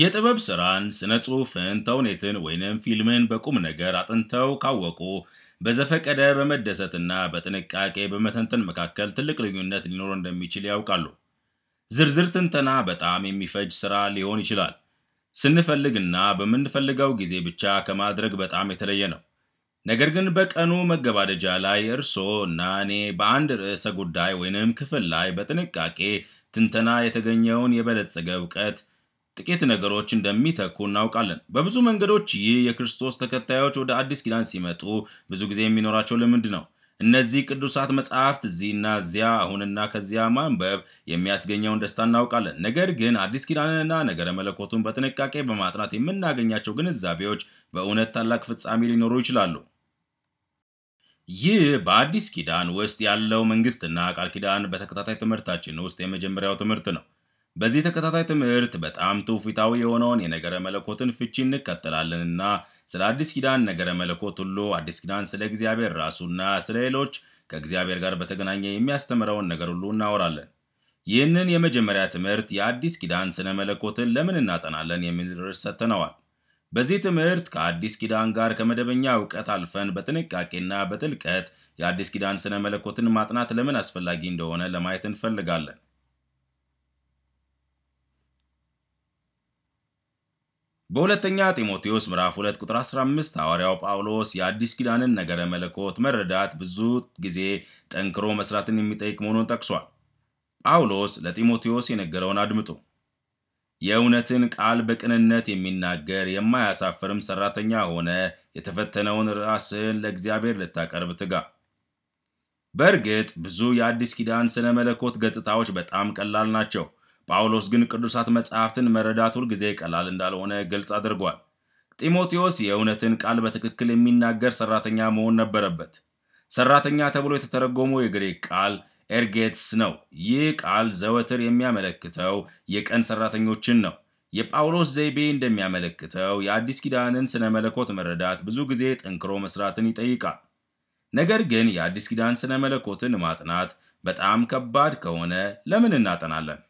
የጥበብ ሥራን፣ ስነ ጽሑፍን፣ ተውኔትን ወይንም ፊልምን በቁም ነገር አጥንተው ካወቁ በዘፈቀደ በመደሰትና በጥንቃቄ በመተንተን መካከል ትልቅ ልዩነት ሊኖር እንደሚችል ያውቃሉ። ዝርዝር ትንተና በጣም የሚፈጅ ሥራ ሊሆን ይችላል። ስንፈልግና በምንፈልገው ጊዜ ብቻ ከማድረግ በጣም የተለየ ነው። ነገር ግን በቀኑ መገባደጃ ላይ እርስዎ እና እኔ በአንድ ርዕሰ ጉዳይ ወይንም ክፍል ላይ በጥንቃቄ ትንተና የተገኘውን የበለጸገ እውቀት ጥቂት ነገሮች እንደሚተኩ እናውቃለን። በብዙ መንገዶች ይህ የክርስቶስ ተከታዮች ወደ አዲስ ኪዳን ሲመጡ ብዙ ጊዜ የሚኖራቸው ልምድ ነው። እነዚህ ቅዱሳት መጽሐፍት እዚህና እዚያ አሁንና ከዚያ ማንበብ የሚያስገኘውን ደስታ እናውቃለን። ነገር ግን አዲስ ኪዳንንና ነገረ መለኮቱን በጥንቃቄ በማጥናት የምናገኛቸው ግንዛቤዎች በእውነት ታላቅ ፍጻሜ ሊኖሩ ይችላሉ። ይህ በአዲስ ኪዳን ውስጥ ያለው መንግስትና ቃል ኪዳን በተከታታይ ትምህርታችን ውስጥ የመጀመሪያው ትምህርት ነው። በዚህ ተከታታይ ትምህርት በጣም ትውፊታዊ የሆነውን የነገረ መለኮትን ፍቺ እንቀጥላለንና ስለ አዲስ ኪዳን ነገረ መለኮት ሁሉ አዲስ ኪዳን ስለ እግዚአብሔር ራሱና ስለ ሌሎች ከእግዚአብሔር ጋር በተገናኘ የሚያስተምረውን ነገር ሁሉ እናወራለን። ይህንን የመጀመሪያ ትምህርት የአዲስ ኪዳን ስነ መለኮትን ለምን እናጠናለን የሚል ርዕስ ሰጥተነዋል። በዚህ ትምህርት ከአዲስ ኪዳን ጋር ከመደበኛ እውቀት አልፈን በጥንቃቄና በጥልቀት የአዲስ ኪዳን ስነ መለኮትን ማጥናት ለምን አስፈላጊ እንደሆነ ለማየት እንፈልጋለን። በሁለተኛ ጢሞቴዎስ ምዕራፍ 2 ቁጥር 15 ሐዋርያው ጳውሎስ የአዲስ ኪዳንን ነገረ መለኮት መረዳት ብዙ ጊዜ ጠንክሮ መስራትን የሚጠይቅ መሆኑን ጠቅሷል። ጳውሎስ ለጢሞቴዎስ የነገረውን አድምጦ የእውነትን ቃል በቅንነት የሚናገር የማያሳፍርም ሠራተኛ ሆነ የተፈተነውን ራስህን ለእግዚአብሔር ልታቀርብ ትጋ። በእርግጥ ብዙ የአዲስ ኪዳን ሥነ መለኮት ገጽታዎች በጣም ቀላል ናቸው። ጳውሎስ ግን ቅዱሳት መጽሐፍትን መረዳት ሁልጊዜ ቀላል እንዳልሆነ ግልጽ አድርጓል። ጢሞቴዎስ የእውነትን ቃል በትክክል የሚናገር ሠራተኛ መሆን ነበረበት። ሠራተኛ ተብሎ የተተረጎመው የግሪክ ቃል ኤርጌትስ ነው። ይህ ቃል ዘወትር የሚያመለክተው የቀን ሠራተኞችን ነው። የጳውሎስ ዘይቤ እንደሚያመለክተው የአዲስ ኪዳንን ስነ መለኮት መረዳት ብዙ ጊዜ ጠንክሮ መስራትን ይጠይቃል። ነገር ግን የአዲስ ኪዳን ስነ መለኮትን ማጥናት በጣም ከባድ ከሆነ ለምን እናጠናለን?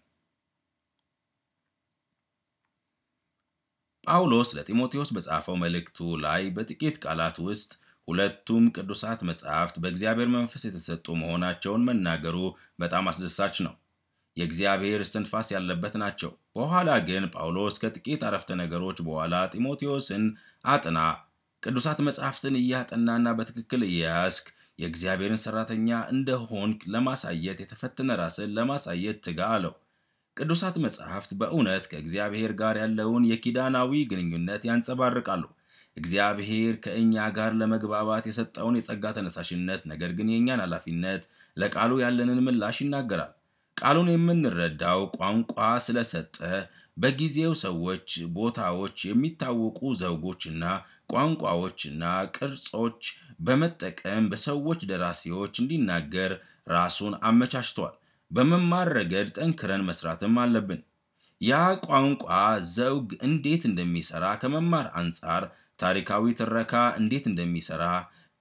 ጳውሎስ ለጢሞቴዎስ በጻፈው መልእክቱ ላይ በጥቂት ቃላት ውስጥ ሁለቱም ቅዱሳት መጻሕፍት በእግዚአብሔር መንፈስ የተሰጡ መሆናቸውን መናገሩ በጣም አስደሳች ነው። የእግዚአብሔር እስትንፋስ ያለበት ናቸው። በኋላ ግን ጳውሎስ ከጥቂት አረፍተ ነገሮች በኋላ ጢሞቴዎስን አጥና፣ ቅዱሳት መጻሕፍትን እያጠናና በትክክል እያያስክ የእግዚአብሔርን ሠራተኛ እንደሆንክ ለማሳየት የተፈተነ ራስን ለማሳየት ትጋ አለው። ቅዱሳት መጻሕፍት በእውነት ከእግዚአብሔር ጋር ያለውን የኪዳናዊ ግንኙነት ያንጸባርቃሉ። እግዚአብሔር ከእኛ ጋር ለመግባባት የሰጠውን የጸጋ ተነሳሽነት፣ ነገር ግን የእኛን ኃላፊነት፣ ለቃሉ ያለንን ምላሽ ይናገራል። ቃሉን የምንረዳው ቋንቋ ስለሰጠ በጊዜው ሰዎች፣ ቦታዎች፣ የሚታወቁ ዘውጎችና ቋንቋዎችና ቅርጾች በመጠቀም በሰዎች ደራሲዎች እንዲናገር ራሱን አመቻችቷል። በመማር ረገድ ጠንክረን መስራትም አለብን። ያ ቋንቋ ዘውግ እንዴት እንደሚሰራ ከመማር አንጻር፣ ታሪካዊ ትረካ እንዴት እንደሚሰራ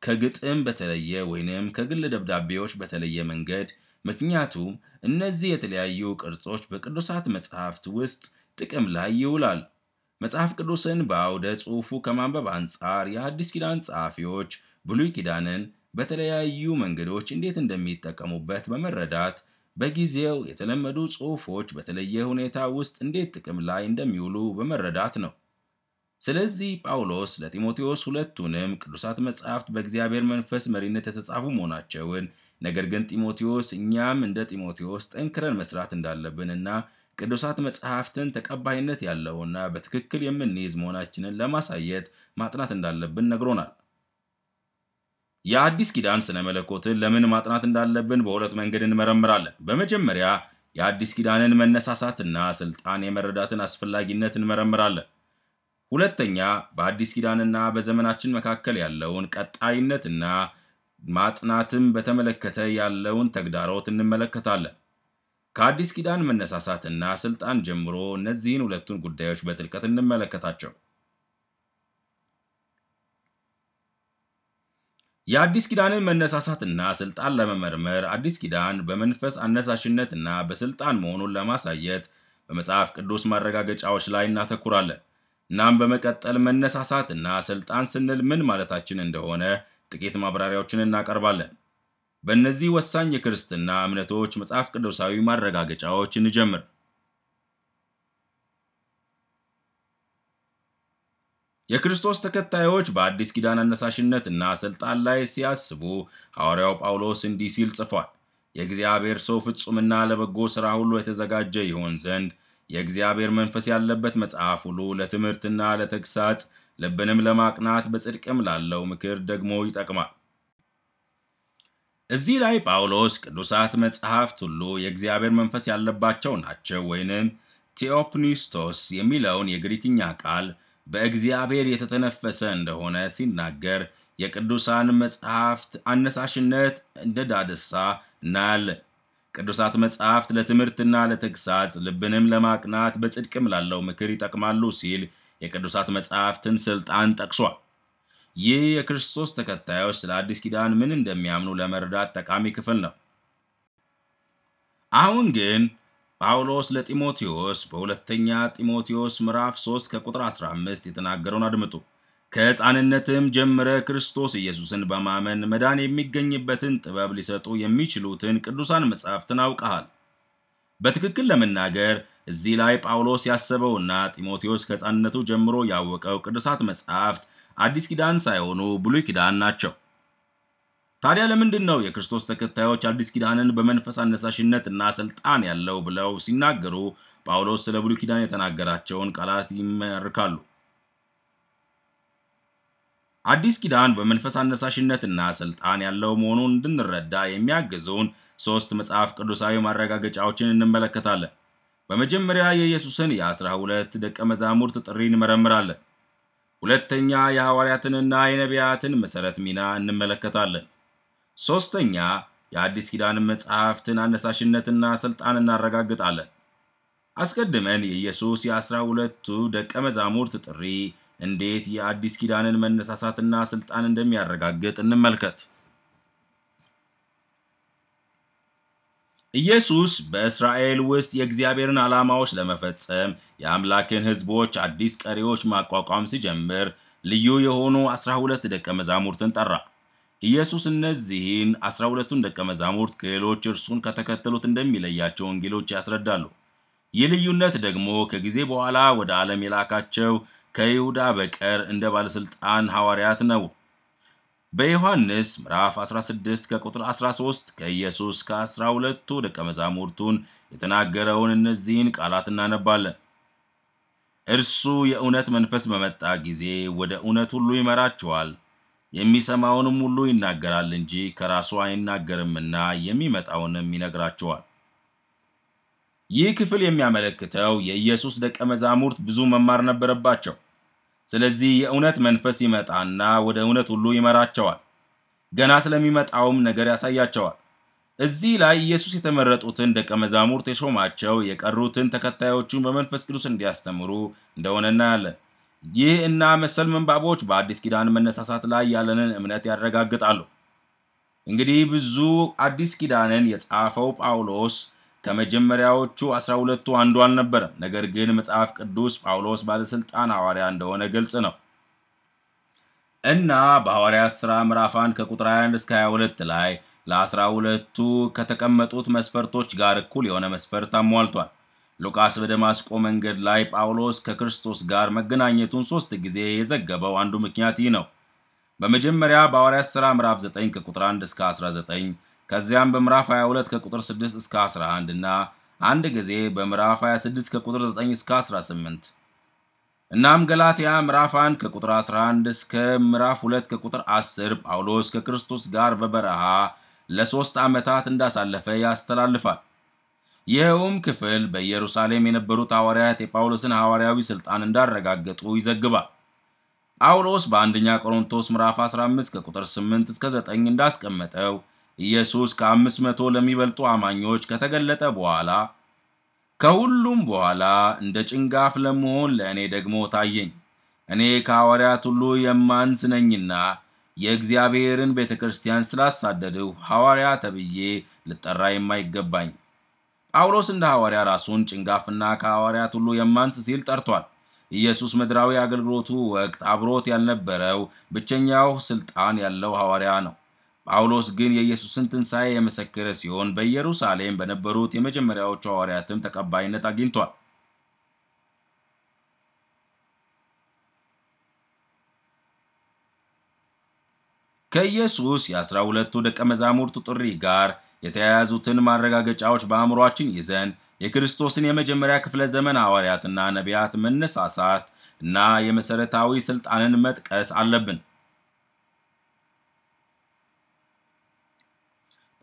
ከግጥም በተለየ ወይንም ከግል ደብዳቤዎች በተለየ መንገድ ምክንያቱም እነዚህ የተለያዩ ቅርጾች በቅዱሳት መጽሐፍት ውስጥ ጥቅም ላይ ይውላል። መጽሐፍ ቅዱስን በአውደ ጽሑፉ ከማንበብ አንጻር የአዲስ ኪዳን ጸሐፊዎች ብሉይ ኪዳንን በተለያዩ መንገዶች እንዴት እንደሚጠቀሙበት በመረዳት በጊዜው የተለመዱ ጽሑፎች በተለየ ሁኔታ ውስጥ እንዴት ጥቅም ላይ እንደሚውሉ በመረዳት ነው። ስለዚህ ጳውሎስ ለጢሞቴዎስ ሁለቱንም ቅዱሳት መጻሕፍት በእግዚአብሔር መንፈስ መሪነት የተጻፉ መሆናቸውን፣ ነገር ግን ጢሞቴዎስ እኛም እንደ ጢሞቴዎስ ጠንክረን መስራት እንዳለብን እና ቅዱሳት መጽሐፍትን ተቀባይነት ያለውና በትክክል የምንይዝ መሆናችንን ለማሳየት ማጥናት እንዳለብን ነግሮናል። የአዲስ ኪዳን ስነ መለኮትን ለምን ማጥናት እንዳለብን በሁለት መንገድ እንመረምራለን። በመጀመሪያ የአዲስ ኪዳንን መነሳሳትና ስልጣን የመረዳትን አስፈላጊነት እንመረምራለን። ሁለተኛ በአዲስ ኪዳንና በዘመናችን መካከል ያለውን ቀጣይነትና ማጥናትም በተመለከተ ያለውን ተግዳሮት እንመለከታለን። ከአዲስ ኪዳን መነሳሳትና ስልጣን ጀምሮ እነዚህን ሁለቱን ጉዳዮች በጥልቀት እንመለከታቸው። የአዲስ ኪዳንን መነሳሳትና ስልጣን ለመመርመር አዲስ ኪዳን በመንፈስ አነሳሽነትና በስልጣን መሆኑን ለማሳየት በመጽሐፍ ቅዱስ ማረጋገጫዎች ላይ እናተኩራለን። እናም በመቀጠል መነሳሳትና ስልጣን ስንል ምን ማለታችን እንደሆነ ጥቂት ማብራሪያዎችን እናቀርባለን። በእነዚህ ወሳኝ የክርስትና እምነቶች መጽሐፍ ቅዱሳዊ ማረጋገጫዎች እንጀምር። የክርስቶስ ተከታዮች በአዲስ ኪዳን አነሳሽነትና ስልጣን ላይ ሲያስቡ ሐዋርያው ጳውሎስ እንዲህ ሲል ጽፏል። የእግዚአብሔር ሰው ፍጹምና ለበጎ ሥራ ሁሉ የተዘጋጀ ይሆን ዘንድ የእግዚአብሔር መንፈስ ያለበት መጽሐፍ ሁሉ ለትምህርትና ለተግሳጽ፣ ልብንም ለማቅናት በጽድቅም ላለው ምክር ደግሞ ይጠቅማል። እዚህ ላይ ጳውሎስ ቅዱሳት መጽሐፍት ሁሉ የእግዚአብሔር መንፈስ ያለባቸው ናቸው ወይንም ቴኦፕኒስቶስ የሚለውን የግሪክኛ ቃል በእግዚአብሔር የተተነፈሰ እንደሆነ ሲናገር የቅዱሳን መጽሐፍት አነሳሽነት እንደ ዳደሳ እናያለን። ቅዱሳት መጽሐፍት ለትምህርትና ለተግሳጽ ልብንም ለማቅናት በጽድቅም ላለው ምክር ይጠቅማሉ ሲል የቅዱሳት መጽሐፍትን ስልጣን ጠቅሷል። ይህ የክርስቶስ ተከታዮች ስለ አዲስ ኪዳን ምን እንደሚያምኑ ለመረዳት ጠቃሚ ክፍል ነው። አሁን ግን ጳውሎስ ለጢሞቴዎስ በሁለተኛ ጢሞቴዎስ ምዕራፍ 3 ከቁጥር 15 የተናገረውን አድምጡ። ከሕፃንነትም ጀምረ ክርስቶስ ኢየሱስን በማመን መዳን የሚገኝበትን ጥበብ ሊሰጡ የሚችሉትን ቅዱሳን መጻሕፍትን አውቀሃል። በትክክል ለመናገር እዚህ ላይ ጳውሎስ ያሰበውና ጢሞቴዎስ ከሕፃንነቱ ጀምሮ ያወቀው ቅዱሳት መጻሕፍት አዲስ ኪዳን ሳይሆኑ ብሉይ ኪዳን ናቸው። ታዲያ ለምንድን ነው የክርስቶስ ተከታዮች አዲስ ኪዳንን በመንፈስ አነሳሽነት እና ስልጣን ያለው ብለው ሲናገሩ ጳውሎስ ስለ ብሉይ ኪዳን የተናገራቸውን ቃላት ይመርካሉ? አዲስ ኪዳን በመንፈስ አነሳሽነት እና ስልጣን ያለው መሆኑን እንድንረዳ የሚያግዙን ሦስት መጽሐፍ ቅዱሳዊ ማረጋገጫዎችን እንመለከታለን። በመጀመሪያ የኢየሱስን የአስራ ሁለት ደቀ መዛሙርት ጥሪ እንመረምራለን። ሁለተኛ የሐዋርያትንና የነቢያትን መሠረት ሚና እንመለከታለን። ሶስተኛ የአዲስ ኪዳን መጽሐፍትን አነሳሽነትና ሥልጣን እናረጋግጣለን። አስቀድመን የኢየሱስ የአስራ ሁለቱ ደቀ መዛሙርት ጥሪ እንዴት የአዲስ ኪዳንን መነሳሳትና ሥልጣን እንደሚያረጋግጥ እንመልከት። ኢየሱስ በእስራኤል ውስጥ የእግዚአብሔርን ዓላማዎች ለመፈጸም የአምላክን ሕዝቦች አዲስ ቀሪዎች ማቋቋም ሲጀምር ልዩ የሆኑ አስራ ሁለት ደቀ መዛሙርትን ጠራ። ኢየሱስ እነዚህን አስራ ሁለቱን ደቀ መዛሙርት ከሌሎች እርሱን ከተከተሉት እንደሚለያቸው ወንጌሎች ያስረዳሉ። ይህ ልዩነት ደግሞ ከጊዜ በኋላ ወደ ዓለም የላካቸው ከይሁዳ በቀር እንደ ባለሥልጣን ሐዋርያት ነው። በዮሐንስ ምዕራፍ 16 ከቁጥር 13 ከኢየሱስ ከአስራ ሁለቱ ደቀ መዛሙርቱን የተናገረውን እነዚህን ቃላት እናነባለን። እርሱ የእውነት መንፈስ በመጣ ጊዜ ወደ እውነት ሁሉ ይመራችኋል የሚሰማውንም ሁሉ ይናገራል እንጂ ከራሱ አይናገርምና የሚመጣውንም ይነግራቸዋል። ይህ ክፍል የሚያመለክተው የኢየሱስ ደቀ መዛሙርት ብዙ መማር ነበረባቸው። ስለዚህ የእውነት መንፈስ ይመጣና ወደ እውነት ሁሉ ይመራቸዋል። ገና ስለሚመጣውም ነገር ያሳያቸዋል። እዚህ ላይ ኢየሱስ የተመረጡትን ደቀ መዛሙርት የሾማቸው የቀሩትን ተከታዮቹን በመንፈስ ቅዱስ እንዲያስተምሩ እንደሆነ እናያለን። ይህ እና መሰል ምንባቦች በአዲስ ኪዳን መነሳሳት ላይ ያለንን እምነት ያረጋግጣሉ። እንግዲህ ብዙ አዲስ ኪዳንን የጻፈው ጳውሎስ ከመጀመሪያዎቹ አስራ ሁለቱ አንዱ አልነበረም። ነገር ግን መጽሐፍ ቅዱስ ጳውሎስ ባለሥልጣን ሐዋርያ እንደሆነ ግልጽ ነው እና በሐዋርያት ሥራ ምዕራፍ 1 ከቁጥር 21 እስከ 22 ላይ ለአስራ ሁለቱ ከተቀመጡት መስፈርቶች ጋር እኩል የሆነ መስፈርት አሟልቷል። ሉቃስ በደማስቆ መንገድ ላይ ጳውሎስ ከክርስቶስ ጋር መገናኘቱን ሦስት ጊዜ የዘገበው አንዱ ምክንያት ይህ ነው። በመጀመሪያ በሐዋርያት ሥራ ምዕራፍ 9 ከቁጥር 1 እስከ 19 ከዚያም በምዕራፍ 22 ከቁጥር 6 እስከ 11 እና አንድ ጊዜ በምዕራፍ 26 ከቁጥር 9 እስከ 18 እናም ገላትያ ምዕራፍ 1 ከቁጥር 11 እስከ ምዕራፍ 2 ከቁጥር 10 ጳውሎስ ከክርስቶስ ጋር በበረሃ ለሦስት ዓመታት እንዳሳለፈ ያስተላልፋል። ይኸውም ክፍል በኢየሩሳሌም የነበሩት ሐዋርያት የጳውሎስን ሐዋርያዊ ሥልጣን እንዳረጋገጡ ይዘግባል። ጳውሎስ በአንደኛ ቆሮንቶስ ምዕራፍ 15 ከቁጥር 8 እስከ 9 እንዳስቀመጠው ኢየሱስ ከአምስት መቶ ለሚበልጡ አማኞች ከተገለጠ በኋላ ከሁሉም በኋላ እንደ ጭንጋፍ ለመሆን ለእኔ ደግሞ ታየኝ። እኔ ከሐዋርያት ሁሉ የማንስ ነኝና የእግዚአብሔርን ቤተ ክርስቲያን ስላሳደድሁ ሐዋርያ ተብዬ ልጠራ የማይገባኝ ጳውሎስ እንደ ሐዋርያ ራሱን ጭንጋፍና ከሐዋርያት ሁሉ የማንስ ሲል ጠርቷል። ኢየሱስ ምድራዊ አገልግሎቱ ወቅት አብሮት ያልነበረው ብቸኛው ስልጣን ያለው ሐዋርያ ነው። ጳውሎስ ግን የኢየሱስን ትንሣኤ የመሰከረ ሲሆን በኢየሩሳሌም በነበሩት የመጀመሪያዎቹ ሐዋርያትም ተቀባይነት አግኝቷል። ከኢየሱስ የአስራ ሁለቱ ደቀ መዛሙርቱ ጥሪ ጋር የተያያዙትን ማረጋገጫዎች በአእምሯችን ይዘን የክርስቶስን የመጀመሪያ ክፍለ ዘመን ሐዋርያትና ነቢያት መነሳሳት እና የመሠረታዊ ሥልጣንን መጥቀስ አለብን።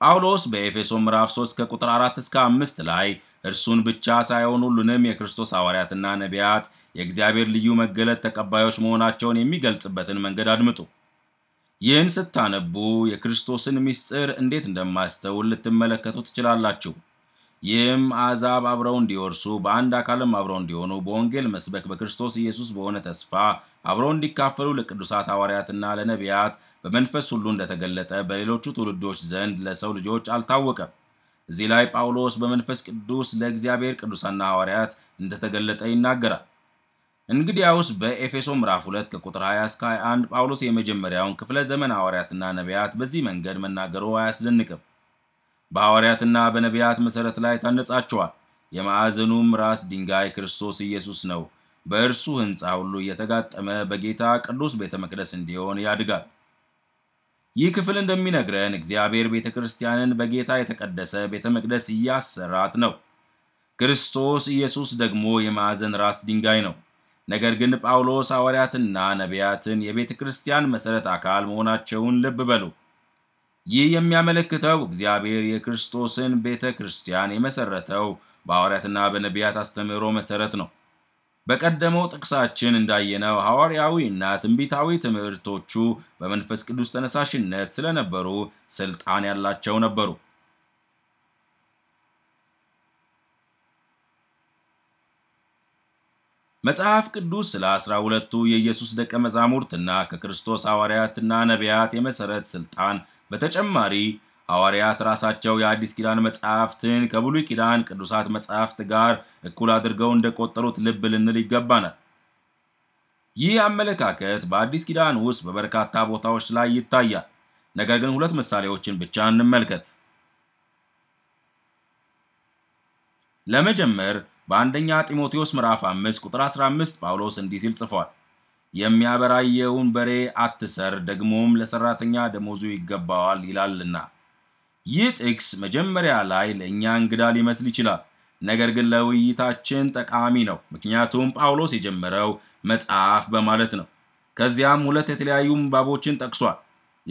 ጳውሎስ በኤፌሶን ምዕራፍ 3 ከቁጥር 4 እስከ 5 ላይ እርሱን ብቻ ሳይሆን ሁሉንም የክርስቶስ ሐዋርያትና ነቢያት የእግዚአብሔር ልዩ መገለጥ ተቀባዮች መሆናቸውን የሚገልጽበትን መንገድ አድምጡ። ይህን ስታነቡ የክርስቶስን ምስጢር እንዴት እንደማያስተውል ልትመለከቱ ትችላላችሁ። ይህም አሕዛብ አብረው እንዲወርሱ በአንድ አካልም አብረው እንዲሆኑ በወንጌል መስበክ በክርስቶስ ኢየሱስ በሆነ ተስፋ አብረው እንዲካፈሉ ለቅዱሳት ሐዋርያትና ለነቢያት በመንፈስ ሁሉ እንደተገለጠ በሌሎቹ ትውልዶች ዘንድ ለሰው ልጆች አልታወቀም። እዚህ ላይ ጳውሎስ በመንፈስ ቅዱስ ለእግዚአብሔር ቅዱሳና ሐዋርያት እንደተገለጠ ይናገራል። እንግዲያውስ በኤፌሶ ምዕራፍ 2 ከቁጥር 20 እስከ 21 ጳውሎስ የመጀመሪያውን ክፍለ ዘመን ሐዋርያትና ነቢያት በዚህ መንገድ መናገሩ አያስደንቅም። በሐዋርያትና በነቢያት መሠረት ላይ ታነጻቸዋል። የማዕዘኑም ራስ ድንጋይ ክርስቶስ ኢየሱስ ነው። በእርሱ ሕንፃ ሁሉ እየተጋጠመ በጌታ ቅዱስ ቤተ መቅደስ እንዲሆን ያድጋል። ይህ ክፍል እንደሚነግረን እግዚአብሔር ቤተ ክርስቲያንን በጌታ የተቀደሰ ቤተ መቅደስ እያሰራት ነው። ክርስቶስ ኢየሱስ ደግሞ የማዕዘን ራስ ድንጋይ ነው። ነገር ግን ጳውሎስ ሐዋርያትና ነቢያትን የቤተ ክርስቲያን መሠረት አካል መሆናቸውን ልብ በሉ። ይህ የሚያመለክተው እግዚአብሔር የክርስቶስን ቤተ ክርስቲያን የመሠረተው በሐዋርያትና በነቢያት አስተምህሮ መሠረት ነው። በቀደመው ጥቅሳችን እንዳየነው ሐዋርያዊ እና ትንቢታዊ ትምህርቶቹ በመንፈስ ቅዱስ ተነሳሽነት ስለነበሩ ሥልጣን ያላቸው ነበሩ። መጽሐፍ ቅዱስ ስለ አስራ ሁለቱ የኢየሱስ ደቀ መዛሙርትና ከክርስቶስ ሐዋርያትና ነቢያት የመሠረት ሥልጣን በተጨማሪ ሐዋርያት ራሳቸው የአዲስ ኪዳን መጽሐፍትን ከብሉይ ኪዳን ቅዱሳት መጽሐፍት ጋር እኩል አድርገው እንደቆጠሩት ልብ ልንል ይገባናል። ይህ አመለካከት በአዲስ ኪዳን ውስጥ በበርካታ ቦታዎች ላይ ይታያል። ነገር ግን ሁለት ምሳሌዎችን ብቻ እንመልከት። ለመጀመር በአንደኛ ጢሞቴዎስ ምዕራፍ 5 ቁጥር 15 ጳውሎስ እንዲህ ሲል ጽፏል። የሚያበራየውን በሬ አትሰር፣ ደግሞም ለሰራተኛ ደሞዙ ይገባዋል ይላልና። ይህ ጥቅስ መጀመሪያ ላይ ለእኛ እንግዳ ሊመስል ይችላል። ነገር ግን ለውይይታችን ጠቃሚ ነው፣ ምክንያቱም ጳውሎስ የጀመረው መጽሐፍ በማለት ነው። ከዚያም ሁለት የተለያዩ ምንባቦችን ጠቅሷል።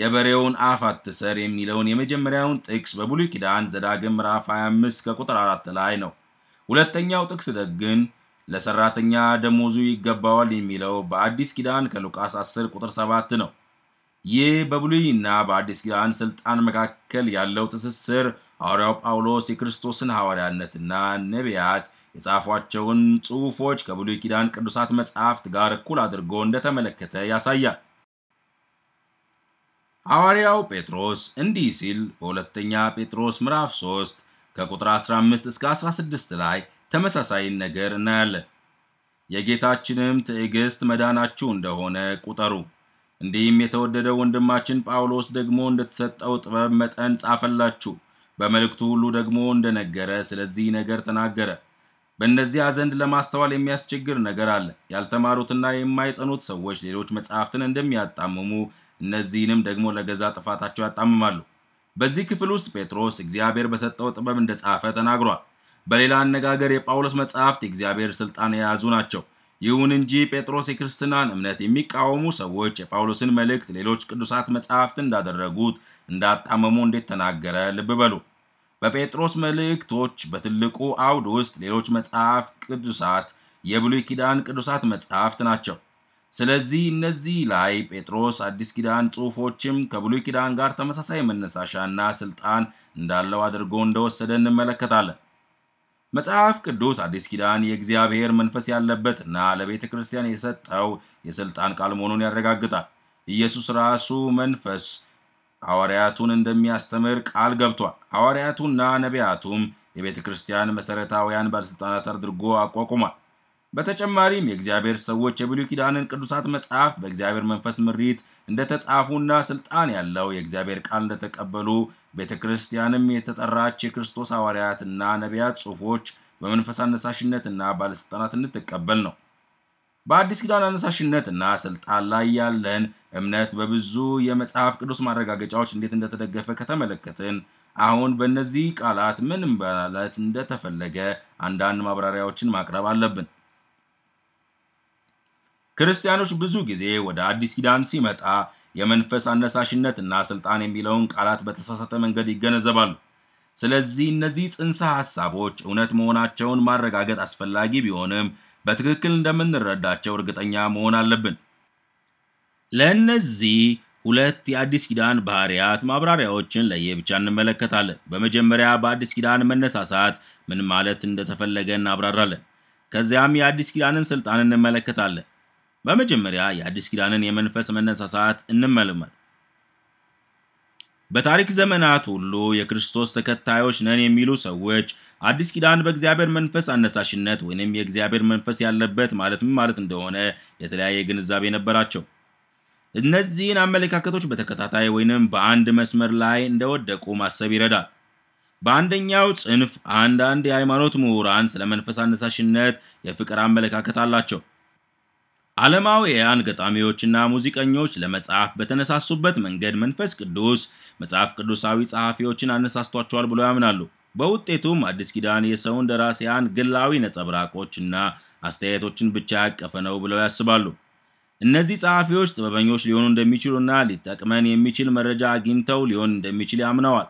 የበሬውን አፍ አትሰር የሚለውን የመጀመሪያውን ጥቅስ በብሉይ ኪዳን ዘዳግም ምዕራፍ 25 ከቁጥር 4 ላይ ነው። ሁለተኛው ጥቅስ ግን ለሰራተኛ ደሞዙ ይገባዋል የሚለው በአዲስ ኪዳን ከሉቃስ 10 ቁጥር 7 ነው። ይህ በብሉይና በአዲስ ኪዳን ስልጣን መካከል ያለው ትስስር ሐዋርያው ጳውሎስ የክርስቶስን ሐዋርያነትና ነቢያት የጻፏቸውን ጽሑፎች ከብሉይ ኪዳን ቅዱሳት መጻሕፍት ጋር እኩል አድርጎ እንደተመለከተ ያሳያል። ሐዋርያው ጴጥሮስ እንዲህ ሲል በሁለተኛ ጴጥሮስ ምዕራፍ 3 ከቁጥር 15 እስከ 16 ላይ ተመሳሳይን ነገር እናያለን። የጌታችንም ትዕግሥት መዳናችሁ እንደሆነ ቁጠሩ። እንዲህም የተወደደ ወንድማችን ጳውሎስ ደግሞ እንደተሰጠው ጥበብ መጠን ጻፈላችሁ። በመልእክቱ ሁሉ ደግሞ እንደነገረ ስለዚህ ነገር ተናገረ። በእነዚያ ዘንድ ለማስተዋል የሚያስቸግር ነገር አለ። ያልተማሩትና የማይጸኑት ሰዎች ሌሎች መጻሕፍትን እንደሚያጣምሙ እነዚህንም ደግሞ ለገዛ ጥፋታቸው ያጣምማሉ። በዚህ ክፍል ውስጥ ጴጥሮስ እግዚአብሔር በሰጠው ጥበብ እንደጻፈ ተናግሯል። በሌላ አነጋገር የጳውሎስ መጽሐፍት የእግዚአብሔር ሥልጣን የያዙ ናቸው። ይሁን እንጂ ጴጥሮስ የክርስትናን እምነት የሚቃወሙ ሰዎች የጳውሎስን መልእክት ሌሎች ቅዱሳት መጽሐፍት እንዳደረጉት እንዳጣመሙ እንዴት ተናገረ? ልብ በሉ። በጴጥሮስ መልእክቶች በትልቁ አውድ ውስጥ ሌሎች መጽሐፍ ቅዱሳት የብሉይ ኪዳን ቅዱሳት መጽሐፍት ናቸው። ስለዚህ እነዚህ ላይ ጴጥሮስ አዲስ ኪዳን ጽሑፎችም ከብሉይ ኪዳን ጋር ተመሳሳይ መነሳሻና ስልጣን እንዳለው አድርጎ እንደወሰደ እንመለከታለን። መጽሐፍ ቅዱስ አዲስ ኪዳን የእግዚአብሔር መንፈስ ያለበትና ለቤተ ክርስቲያን የሰጠው የስልጣን ቃል መሆኑን ያረጋግጣል። ኢየሱስ ራሱ መንፈስ ሐዋርያቱን እንደሚያስተምር ቃል ገብቷል። ሐዋርያቱና ነቢያቱም የቤተ ክርስቲያን መሠረታውያን ባለሥልጣናት አድርጎ አቋቁሟል። በተጨማሪም የእግዚአብሔር ሰዎች የብሉይ ኪዳንን ቅዱሳት መጽሐፍት በእግዚአብሔር መንፈስ ምሪት እንደተጻፉና ስልጣን ያለው የእግዚአብሔር ቃል እንደተቀበሉ ቤተ ክርስቲያንም የተጠራች የክርስቶስ ሐዋርያትና ነቢያት ጽሑፎች በመንፈስ አነሳሽነትና ባለሥልጣናት እንድትቀበል ነው። በአዲስ ኪዳን አነሳሽነትና ስልጣን ላይ ያለን እምነት በብዙ የመጽሐፍ ቅዱስ ማረጋገጫዎች እንዴት እንደተደገፈ ከተመለከትን አሁን በእነዚህ ቃላት ምን ማለት እንደተፈለገ አንዳንድ ማብራሪያዎችን ማቅረብ አለብን። ክርስቲያኖች ብዙ ጊዜ ወደ አዲስ ኪዳን ሲመጣ የመንፈስ አነሳሽነት እና ስልጣን የሚለውን ቃላት በተሳሳተ መንገድ ይገነዘባሉ። ስለዚህ እነዚህ ጽንሰ ሐሳቦች እውነት መሆናቸውን ማረጋገጥ አስፈላጊ ቢሆንም በትክክል እንደምንረዳቸው እርግጠኛ መሆን አለብን። ለእነዚህ ሁለት የአዲስ ኪዳን ባህሪያት ማብራሪያዎችን ለየብቻ እንመለከታለን። በመጀመሪያ በአዲስ ኪዳን መነሳሳት ምን ማለት እንደተፈለገ እናብራራለን። ከዚያም የአዲስ ኪዳንን ስልጣን እንመለከታለን። በመጀመሪያ የአዲስ ኪዳንን የመንፈስ መነሳሳት እንመልመል። በታሪክ ዘመናት ሁሉ የክርስቶስ ተከታዮች ነን የሚሉ ሰዎች አዲስ ኪዳን በእግዚአብሔር መንፈስ አነሳሽነት ወይንም የእግዚአብሔር መንፈስ ያለበት ማለት ምን ማለት እንደሆነ የተለያየ ግንዛቤ ነበራቸው። እነዚህን አመለካከቶች በተከታታይ ወይንም በአንድ መስመር ላይ እንደወደቁ ማሰብ ይረዳል። በአንደኛው ጽንፍ አንዳንድ የሃይማኖት ምሁራን ስለ መንፈስ አነሳሽነት የፍቅር አመለካከት አላቸው። ዓለማውያን ገጣሚዎችና ሙዚቀኞች ለመጽሐፍ በተነሳሱበት መንገድ መንፈስ ቅዱስ መጽሐፍ ቅዱሳዊ ጸሐፊዎችን አነሳስቷቸዋል ብሎ ያምናሉ። በውጤቱም አዲስ ኪዳን የሰውን ደራሲያን ግላዊ ነጸብራቆችና አስተያየቶችን ብቻ ያቀፈ ነው ብለው ያስባሉ። እነዚህ ጸሐፊዎች ጥበበኞች ሊሆኑ እንደሚችሉና ሊጠቅመን የሚችል መረጃ አግኝተው ሊሆን እንደሚችል ያምነዋል።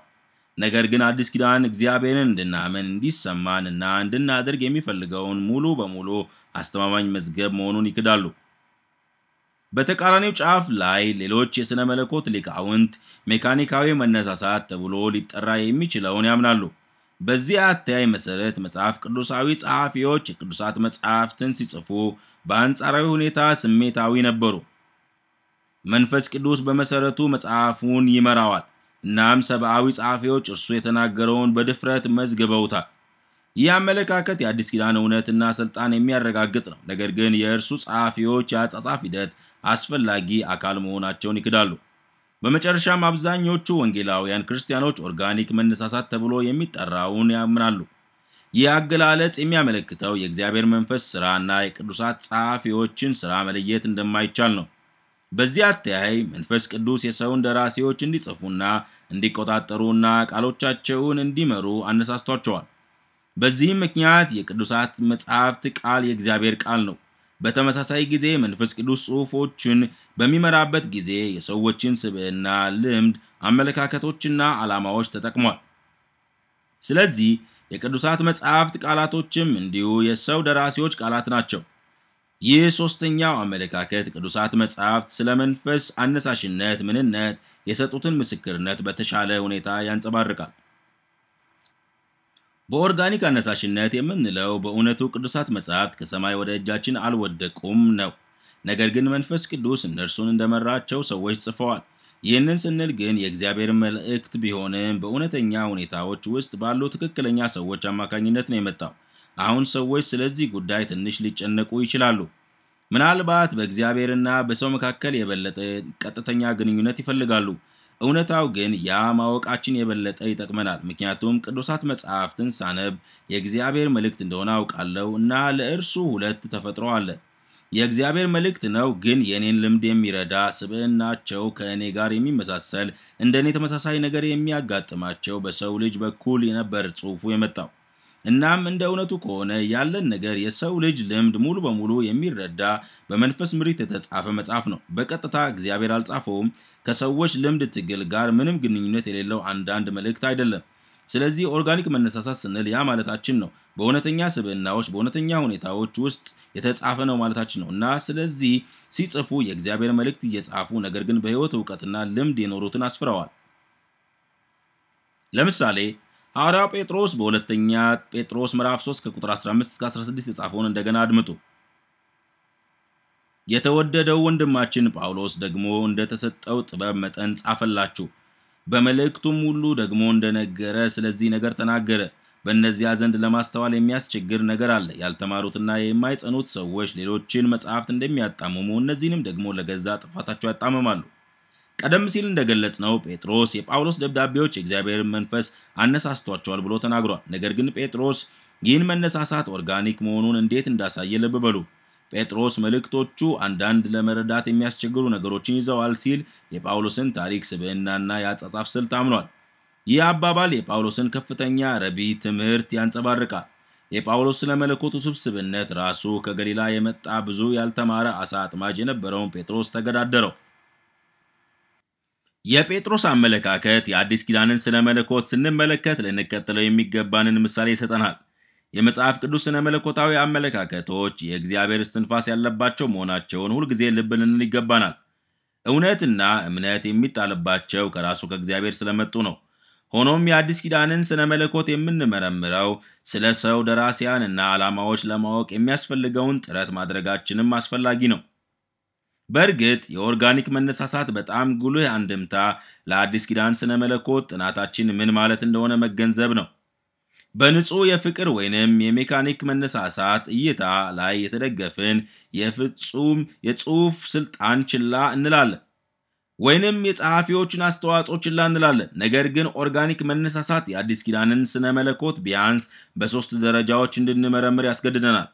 ነገር ግን አዲስ ኪዳን እግዚአብሔርን እንድናምን እንዲሰማን እና እንድናደርግ የሚፈልገውን ሙሉ በሙሉ አስተማማኝ መዝገብ መሆኑን ይክዳሉ። በተቃራኒው ጫፍ ላይ ሌሎች የሥነ መለኮት ሊቃውንት ሜካኒካዊ መነሳሳት ተብሎ ሊጠራ የሚችለውን ያምናሉ። በዚህ አተያይ መሠረት መጽሐፍ ቅዱሳዊ ጸሐፊዎች የቅዱሳት መጽሐፍትን ሲጽፉ በአንጻራዊ ሁኔታ ስሜታዊ ነበሩ። መንፈስ ቅዱስ በመሠረቱ መጽሐፉን ይመራዋል። እናም ሰብአዊ ጸሐፊዎች እርሱ የተናገረውን በድፍረት መዝግበውታል። ይህ አመለካከት የአዲስ ኪዳን እውነትና ስልጣን የሚያረጋግጥ ነው። ነገር ግን የእርሱ ጸሐፊዎች የአጻጻፍ ሂደት አስፈላጊ አካል መሆናቸውን ይክዳሉ። በመጨረሻም አብዛኞቹ ወንጌላውያን ክርስቲያኖች ኦርጋኒክ መነሳሳት ተብሎ የሚጠራውን ያምናሉ። ይህ አገላለጽ የሚያመለክተው የእግዚአብሔር መንፈስ ሥራና የቅዱሳት ጸሐፊዎችን ሥራ መለየት እንደማይቻል ነው። በዚህ አተያይ መንፈስ ቅዱስ የሰውን ደራሲዎች እንዲጽፉና እንዲቆጣጠሩና ቃሎቻቸውን እንዲመሩ አነሳስቷቸዋል። በዚህም ምክንያት የቅዱሳት መጽሐፍት ቃል የእግዚአብሔር ቃል ነው። በተመሳሳይ ጊዜ መንፈስ ቅዱስ ጽሑፎችን በሚመራበት ጊዜ የሰዎችን ስብዕና፣ ልምድ፣ አመለካከቶችና ዓላማዎች ተጠቅሟል። ስለዚህ የቅዱሳት መጽሐፍት ቃላቶችም እንዲሁ የሰው ደራሲዎች ቃላት ናቸው። ይህ ሦስተኛው አመለካከት ቅዱሳት መጽሐፍት ስለ መንፈስ አነሳሽነት ምንነት የሰጡትን ምስክርነት በተሻለ ሁኔታ ያንጸባርቃል። በኦርጋኒክ አነሳሽነት የምንለው በእውነቱ ቅዱሳት መጻሕፍት ከሰማይ ወደ እጃችን አልወደቁም ነው። ነገር ግን መንፈስ ቅዱስ እነርሱን እንደመራቸው ሰዎች ጽፈዋል። ይህንን ስንል ግን የእግዚአብሔር መልእክት ቢሆንም በእውነተኛ ሁኔታዎች ውስጥ ባሉ ትክክለኛ ሰዎች አማካኝነት ነው የመጣው። አሁን ሰዎች ስለዚህ ጉዳይ ትንሽ ሊጨነቁ ይችላሉ። ምናልባት በእግዚአብሔርና በሰው መካከል የበለጠ ቀጥተኛ ግንኙነት ይፈልጋሉ። እውነታው ግን ያ ማወቃችን የበለጠ ይጠቅመናል። ምክንያቱም ቅዱሳት መጽሐፍትን ሳነብ የእግዚአብሔር መልእክት እንደሆነ አውቃለሁ እና ለእርሱ ሁለት ተፈጥሮ አለ። የእግዚአብሔር መልእክት ነው፣ ግን የእኔን ልምድ የሚረዳ ስብዕናቸው ከእኔ ጋር የሚመሳሰል እንደ እኔ ተመሳሳይ ነገር የሚያጋጥማቸው በሰው ልጅ በኩል የነበር ጽሑፉ የመጣው። እናም እንደ እውነቱ ከሆነ ያለን ነገር የሰው ልጅ ልምድ ሙሉ በሙሉ የሚረዳ በመንፈስ ምሪት የተጻፈ መጽሐፍ ነው። በቀጥታ እግዚአብሔር አልጻፈውም። ከሰዎች ልምድ ትግል ጋር ምንም ግንኙነት የሌለው አንዳንድ መልእክት አይደለም። ስለዚህ ኦርጋኒክ መነሳሳት ስንል ያ ማለታችን ነው። በእውነተኛ ስብዕናዎች፣ በእውነተኛ ሁኔታዎች ውስጥ የተጻፈ ነው ማለታችን ነው እና ስለዚህ ሲጽፉ የእግዚአብሔር መልእክት እየጻፉ ነገር ግን በሕይወት እውቀትና ልምድ የኖሩትን አስፍረዋል። ለምሳሌ ሐዋርያው ጴጥሮስ በሁለተኛ ጴጥሮስ ምዕራፍ 3 ከቁጥር 15 እስከ 16 የጻፈውን እንደገና አድምጡ። የተወደደው ወንድማችን ጳውሎስ ደግሞ እንደተሰጠው ጥበብ መጠን ጻፈላችሁ። በመልእክቱም ሁሉ ደግሞ እንደነገረ ስለዚህ ነገር ተናገረ። በእነዚያ ዘንድ ለማስተዋል የሚያስቸግር ነገር አለ። ያልተማሩትና የማይጸኑት ሰዎች ሌሎችን መጽሐፍት እንደሚያጣምሙ እነዚህንም ደግሞ ለገዛ ጥፋታቸው ያጣምማሉ። ቀደም ሲል እንደገለጽ ነው ጴጥሮስ የጳውሎስ ደብዳቤዎች የእግዚአብሔርን መንፈስ አነሳስቷቸዋል ብሎ ተናግሯል። ነገር ግን ጴጥሮስ ይህን መነሳሳት ኦርጋኒክ መሆኑን እንዴት እንዳሳየ ልብ በሉ። ጴጥሮስ መልእክቶቹ አንዳንድ ለመረዳት የሚያስቸግሩ ነገሮችን ይዘዋል ሲል የጳውሎስን ታሪክ ስብዕናና የአጻጻፍ ስልት አምኗል። ይህ አባባል የጳውሎስን ከፍተኛ ረቢ ትምህርት ያንጸባርቃል። የጳውሎስ ስለ መለኮቱ ስብስብነት ራሱ ከገሊላ የመጣ ብዙ ያልተማረ አሳ አጥማጅ የነበረውን ጴጥሮስ ተገዳደረው። የጴጥሮስ አመለካከት የአዲስ ኪዳንን ስነ መለኮት ስንመለከት ልንቀጥለው የሚገባንን ምሳሌ ይሰጠናል። የመጽሐፍ ቅዱስ ስነ መለኮታዊ አመለካከቶች የእግዚአብሔር እስትንፋስ ያለባቸው መሆናቸውን ሁልጊዜ ልብ ልንል ይገባናል። እውነትና እምነት የሚጣልባቸው ከራሱ ከእግዚአብሔር ስለመጡ ነው። ሆኖም የአዲስ ኪዳንን ስነ መለኮት የምንመረምረው ስለ ሰው ደራሲያንና ዓላማዎች ለማወቅ የሚያስፈልገውን ጥረት ማድረጋችንም አስፈላጊ ነው። በእርግጥ የኦርጋኒክ መነሳሳት በጣም ጉልህ አንድምታ ለአዲስ ኪዳን ስነ መለኮት ጥናታችን ምን ማለት እንደሆነ መገንዘብ ነው። በንጹሕ የፍቅር ወይንም የሜካኒክ መነሳሳት እይታ ላይ የተደገፍን የፍጹም የጽሑፍ ስልጣን ችላ እንላለን ወይንም የጸሐፊዎችን አስተዋጽኦ ችላ እንላለን። ነገር ግን ኦርጋኒክ መነሳሳት የአዲስ ኪዳንን ስነ መለኮት ቢያንስ በሦስት ደረጃዎች እንድንመረምር ያስገድደናል።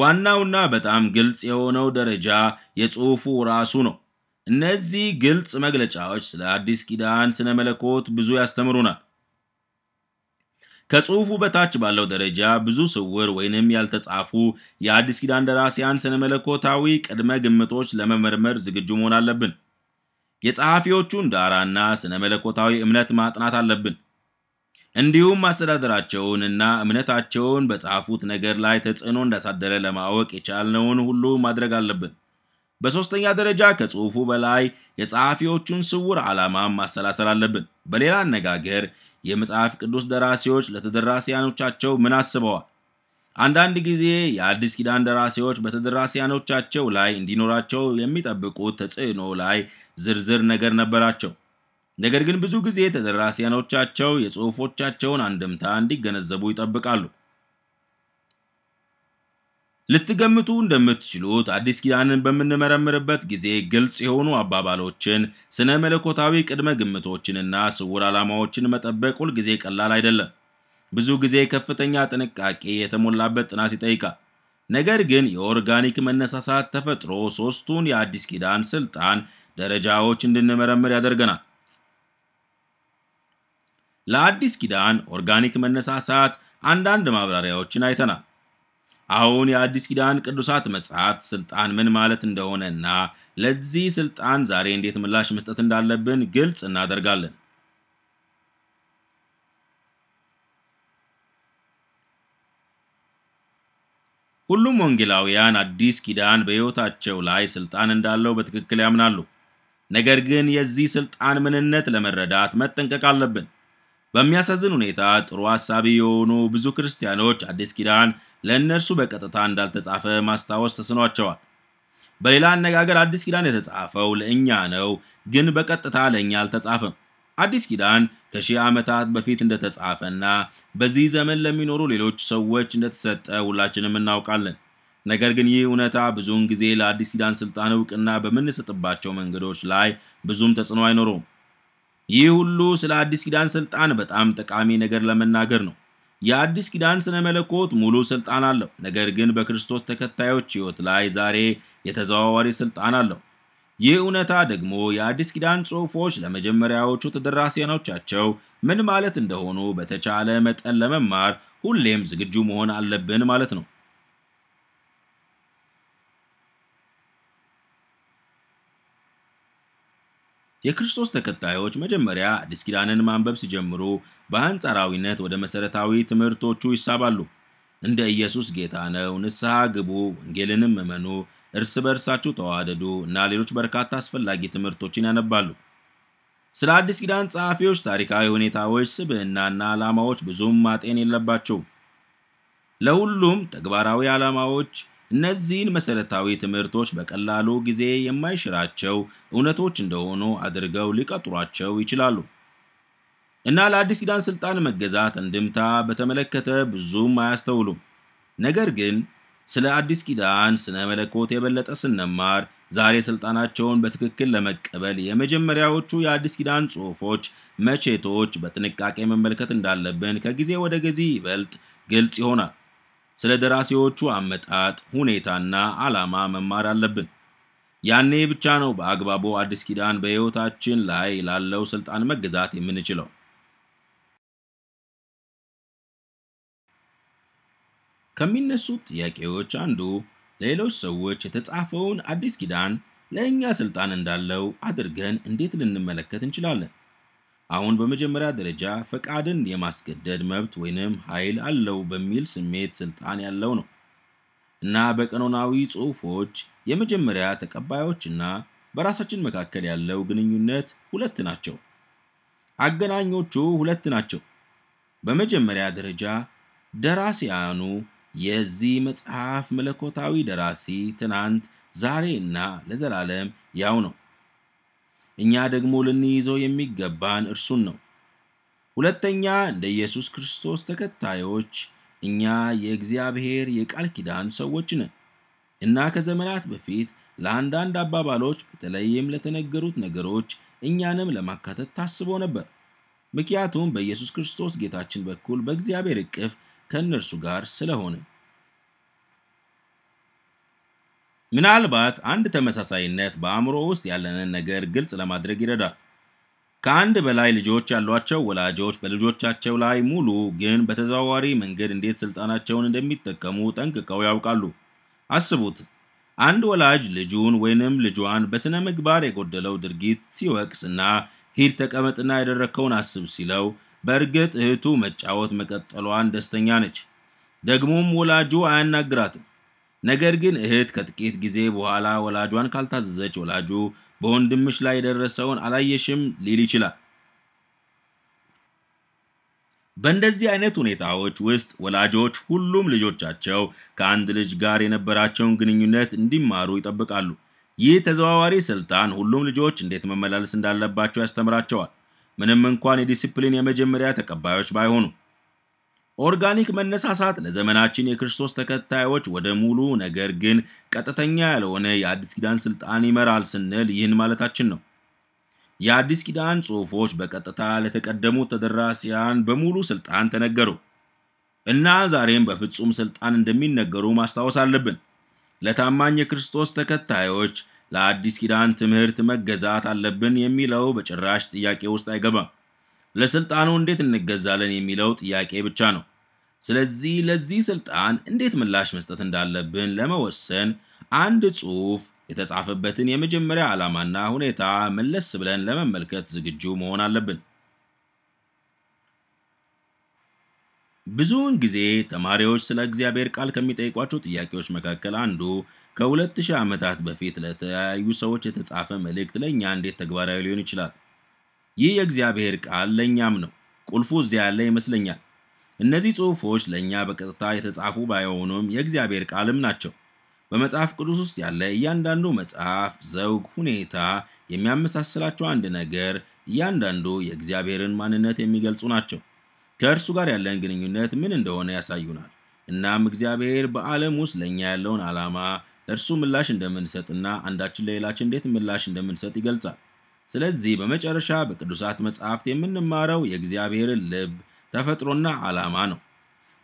ዋናውና በጣም ግልጽ የሆነው ደረጃ የጽሑፉ ራሱ ነው። እነዚህ ግልጽ መግለጫዎች ስለ አዲስ ኪዳን ስነ መለኮት ብዙ ያስተምሩናል። ከጽሑፉ በታች ባለው ደረጃ ብዙ ስውር ወይንም ያልተጻፉ የአዲስ ኪዳን ደራሲያን ስነ መለኮታዊ ቅድመ ግምቶች ለመመርመር ዝግጁ መሆን አለብን። የጸሐፊዎቹን ዳራና ስነ መለኮታዊ እምነት ማጥናት አለብን። እንዲሁም አስተዳደራቸውንና እምነታቸውን በጻፉት ነገር ላይ ተጽዕኖ እንዳሳደረ ለማወቅ የቻልነውን ሁሉ ማድረግ አለብን። በሦስተኛ ደረጃ ከጽሑፉ በላይ የጸሐፊዎቹን ስውር ዓላማም ማሰላሰል አለብን። በሌላ አነጋገር የመጽሐፍ ቅዱስ ደራሲዎች ለተደራሲያኖቻቸው ምን አስበዋል? አንዳንድ ጊዜ የአዲስ ኪዳን ደራሲዎች በተደራሲያኖቻቸው ላይ እንዲኖራቸው የሚጠብቁት ተጽዕኖ ላይ ዝርዝር ነገር ነበራቸው። ነገር ግን ብዙ ጊዜ ተደራሲያኖቻቸው የጽሑፎቻቸውን አንድምታ እንዲገነዘቡ ይጠብቃሉ። ልትገምቱ እንደምትችሉት አዲስ ኪዳንን በምንመረምርበት ጊዜ ግልጽ የሆኑ አባባሎችን፣ ስነ መለኮታዊ ቅድመ ግምቶችንና ስውር ዓላማዎችን መጠበቅ ሁልጊዜ ቀላል አይደለም። ብዙ ጊዜ ከፍተኛ ጥንቃቄ የተሞላበት ጥናት ይጠይቃል። ነገር ግን የኦርጋኒክ መነሳሳት ተፈጥሮ ሦስቱን የአዲስ ኪዳን ስልጣን ደረጃዎች እንድንመረምር ያደርገናል። ለአዲስ ኪዳን ኦርጋኒክ መነሳሳት አንዳንድ ማብራሪያዎችን አይተናል። አሁን የአዲስ ኪዳን ቅዱሳት መጽሐፍት ስልጣን ምን ማለት እንደሆነና ለዚህ ስልጣን ዛሬ እንዴት ምላሽ መስጠት እንዳለብን ግልጽ እናደርጋለን። ሁሉም ወንጌላውያን አዲስ ኪዳን በሕይወታቸው ላይ ስልጣን እንዳለው በትክክል ያምናሉ። ነገር ግን የዚህ ስልጣን ምንነት ለመረዳት መጠንቀቅ አለብን። በሚያሳዝን ሁኔታ ጥሩ ሐሳቢ የሆኑ ብዙ ክርስቲያኖች አዲስ ኪዳን ለእነርሱ በቀጥታ እንዳልተጻፈ ማስታወስ ተስኗቸዋል። በሌላ አነጋገር አዲስ ኪዳን የተጻፈው ለእኛ ነው፣ ግን በቀጥታ ለእኛ አልተጻፈም። አዲስ ኪዳን ከሺህ ዓመታት በፊት እንደተጻፈና በዚህ ዘመን ለሚኖሩ ሌሎች ሰዎች እንደተሰጠ ሁላችንም እናውቃለን። ነገር ግን ይህ እውነታ ብዙውን ጊዜ ለአዲስ ኪዳን ስልጣን እውቅና በምንሰጥባቸው መንገዶች ላይ ብዙም ተጽዕኖ አይኖረውም። ይህ ሁሉ ስለ አዲስ ኪዳን ስልጣን በጣም ጠቃሚ ነገር ለመናገር ነው። የአዲስ ኪዳን ስነ መለኮት ሙሉ ስልጣን አለው፣ ነገር ግን በክርስቶስ ተከታዮች ሕይወት ላይ ዛሬ የተዘዋዋሪ ስልጣን አለው። ይህ እውነታ ደግሞ የአዲስ ኪዳን ጽሑፎች ለመጀመሪያዎቹ ተደራሲያኖቻቸው ምን ማለት እንደሆኑ በተቻለ መጠን ለመማር ሁሌም ዝግጁ መሆን አለብን ማለት ነው። የክርስቶስ ተከታዮች መጀመሪያ አዲስ ኪዳንን ማንበብ ሲጀምሩ በአንጻራዊነት ወደ መሠረታዊ ትምህርቶቹ ይሳባሉ። እንደ ኢየሱስ ጌታ ነው፣ ንስሐ ግቡ፣ ወንጌልንም እመኑ፣ እርስ በእርሳችሁ ተዋደዱ እና ሌሎች በርካታ አስፈላጊ ትምህርቶችን ያነባሉ። ስለ አዲስ ኪዳን ጸሐፊዎች ታሪካዊ ሁኔታዎች፣ ስብዕናና ዓላማዎች ብዙም ማጤን የለባቸው። ለሁሉም ተግባራዊ ዓላማዎች እነዚህን መሰረታዊ ትምህርቶች በቀላሉ ጊዜ የማይሽራቸው እውነቶች እንደሆኑ አድርገው ሊቀጥሯቸው ይችላሉ። እና ለአዲስ ኪዳን ስልጣን መገዛት እንድምታ በተመለከተ ብዙም አያስተውሉም። ነገር ግን ስለ አዲስ ኪዳን ስነ መለኮት የበለጠ ስንማር ዛሬ ስልጣናቸውን በትክክል ለመቀበል የመጀመሪያዎቹ የአዲስ ኪዳን ጽሑፎች መቼቶች በጥንቃቄ መመልከት እንዳለብን ከጊዜ ወደ ጊዜ ይበልጥ ግልጽ ይሆናል። ስለ ደራሲዎቹ አመጣጥ ሁኔታና ዓላማ መማር አለብን። ያኔ ብቻ ነው በአግባቡ አዲስ ኪዳን በሕይወታችን ላይ ላለው ሥልጣን መገዛት የምንችለው። ከሚነሱት ጥያቄዎች አንዱ ሌሎች ሰዎች የተጻፈውን አዲስ ኪዳን ለእኛ ሥልጣን እንዳለው አድርገን እንዴት ልንመለከት እንችላለን? አሁን በመጀመሪያ ደረጃ ፈቃድን የማስገደድ መብት ወይንም ኃይል አለው በሚል ስሜት ስልጣን ያለው ነው እና በቀኖናዊ ጽሑፎች የመጀመሪያ ተቀባዮችና በራሳችን መካከል ያለው ግንኙነት ሁለት ናቸው። አገናኞቹ ሁለት ናቸው። በመጀመሪያ ደረጃ ደራሲያኑ የዚህ መጽሐፍ መለኮታዊ ደራሲ ትናንት፣ ዛሬ እና ለዘላለም ያው ነው። እኛ ደግሞ ልንይዘው የሚገባን እርሱን ነው። ሁለተኛ እንደ ኢየሱስ ክርስቶስ ተከታዮች እኛ የእግዚአብሔር የቃል ኪዳን ሰዎች ነን እና ከዘመናት በፊት ለአንዳንድ አባባሎች በተለይም ለተነገሩት ነገሮች እኛንም ለማካተት ታስቦ ነበር። ምክንያቱም በኢየሱስ ክርስቶስ ጌታችን በኩል በእግዚአብሔር እቅፍ ከእነርሱ ጋር ስለሆነ ምናልባት አንድ ተመሳሳይነት በአእምሮ ውስጥ ያለንን ነገር ግልጽ ለማድረግ ይረዳል። ከአንድ በላይ ልጆች ያሏቸው ወላጆች በልጆቻቸው ላይ ሙሉ ግን በተዘዋዋሪ መንገድ እንዴት ስልጣናቸውን እንደሚጠቀሙ ጠንቅቀው ያውቃሉ። አስቡት፣ አንድ ወላጅ ልጁን ወይንም ልጇን በሥነ ምግባር የጎደለው ድርጊት ሲወቅስ እና ሂድ ተቀመጥና ያደረግከውን አስብ ሲለው በእርግጥ እህቱ መጫወት መቀጠሏን ደስተኛ ነች። ደግሞም ወላጁ አያናግራትም። ነገር ግን እህት ከጥቂት ጊዜ በኋላ ወላጇን ካልታዘዘች ወላጁ በወንድምሽ ላይ የደረሰውን አላየሽም ሊል ይችላል። በእንደዚህ አይነት ሁኔታዎች ውስጥ ወላጆች ሁሉም ልጆቻቸው ከአንድ ልጅ ጋር የነበራቸውን ግንኙነት እንዲማሩ ይጠብቃሉ። ይህ ተዘዋዋሪ ስልጣን ሁሉም ልጆች እንዴት መመላለስ እንዳለባቸው ያስተምራቸዋል፣ ምንም እንኳን የዲሲፕሊን የመጀመሪያ ተቀባዮች ባይሆኑም። ኦርጋኒክ መነሳሳት ለዘመናችን የክርስቶስ ተከታዮች ወደ ሙሉ ነገር ግን ቀጥተኛ ያልሆነ የአዲስ ኪዳን ስልጣን ይመራል ስንል ይህን ማለታችን ነው። የአዲስ ኪዳን ጽሑፎች በቀጥታ ለተቀደሙ ተደራሲያን በሙሉ ስልጣን ተነገሩ እና ዛሬም በፍጹም ስልጣን እንደሚነገሩ ማስታወስ አለብን። ለታማኝ የክርስቶስ ተከታዮች ለአዲስ ኪዳን ትምህርት መገዛት አለብን የሚለው በጭራሽ ጥያቄ ውስጥ አይገባም። ለስልጣኑ እንዴት እንገዛለን የሚለው ጥያቄ ብቻ ነው። ስለዚህ ለዚህ ስልጣን እንዴት ምላሽ መስጠት እንዳለብን ለመወሰን አንድ ጽሑፍ የተጻፈበትን የመጀመሪያ ዓላማና ሁኔታ መለስ ብለን ለመመልከት ዝግጁ መሆን አለብን። ብዙውን ጊዜ ተማሪዎች ስለ እግዚአብሔር ቃል ከሚጠይቋቸው ጥያቄዎች መካከል አንዱ ከሁለት ሺህ ዓመታት በፊት ለተለያዩ ሰዎች የተጻፈ መልእክት ለእኛ እንዴት ተግባራዊ ሊሆን ይችላል? ይህ የእግዚአብሔር ቃል ለእኛም ነው። ቁልፉ እዚያ ያለ ይመስለኛል። እነዚህ ጽሑፎች ለእኛ በቀጥታ የተጻፉ ባይሆኑም የእግዚአብሔር ቃልም ናቸው። በመጽሐፍ ቅዱስ ውስጥ ያለ እያንዳንዱ መጽሐፍ፣ ዘውግ፣ ሁኔታ የሚያመሳስላቸው አንድ ነገር፣ እያንዳንዱ የእግዚአብሔርን ማንነት የሚገልጹ ናቸው። ከእርሱ ጋር ያለን ግንኙነት ምን እንደሆነ ያሳዩናል። እናም እግዚአብሔር በዓለም ውስጥ ለእኛ ያለውን ዓላማ፣ ለእርሱ ምላሽ እንደምንሰጥና አንዳችን ለሌላችን እንዴት ምላሽ እንደምንሰጥ ይገልጻል። ስለዚህ በመጨረሻ በቅዱሳት መጽሐፍት የምንማረው የእግዚአብሔርን ልብ ተፈጥሮና ዓላማ ነው።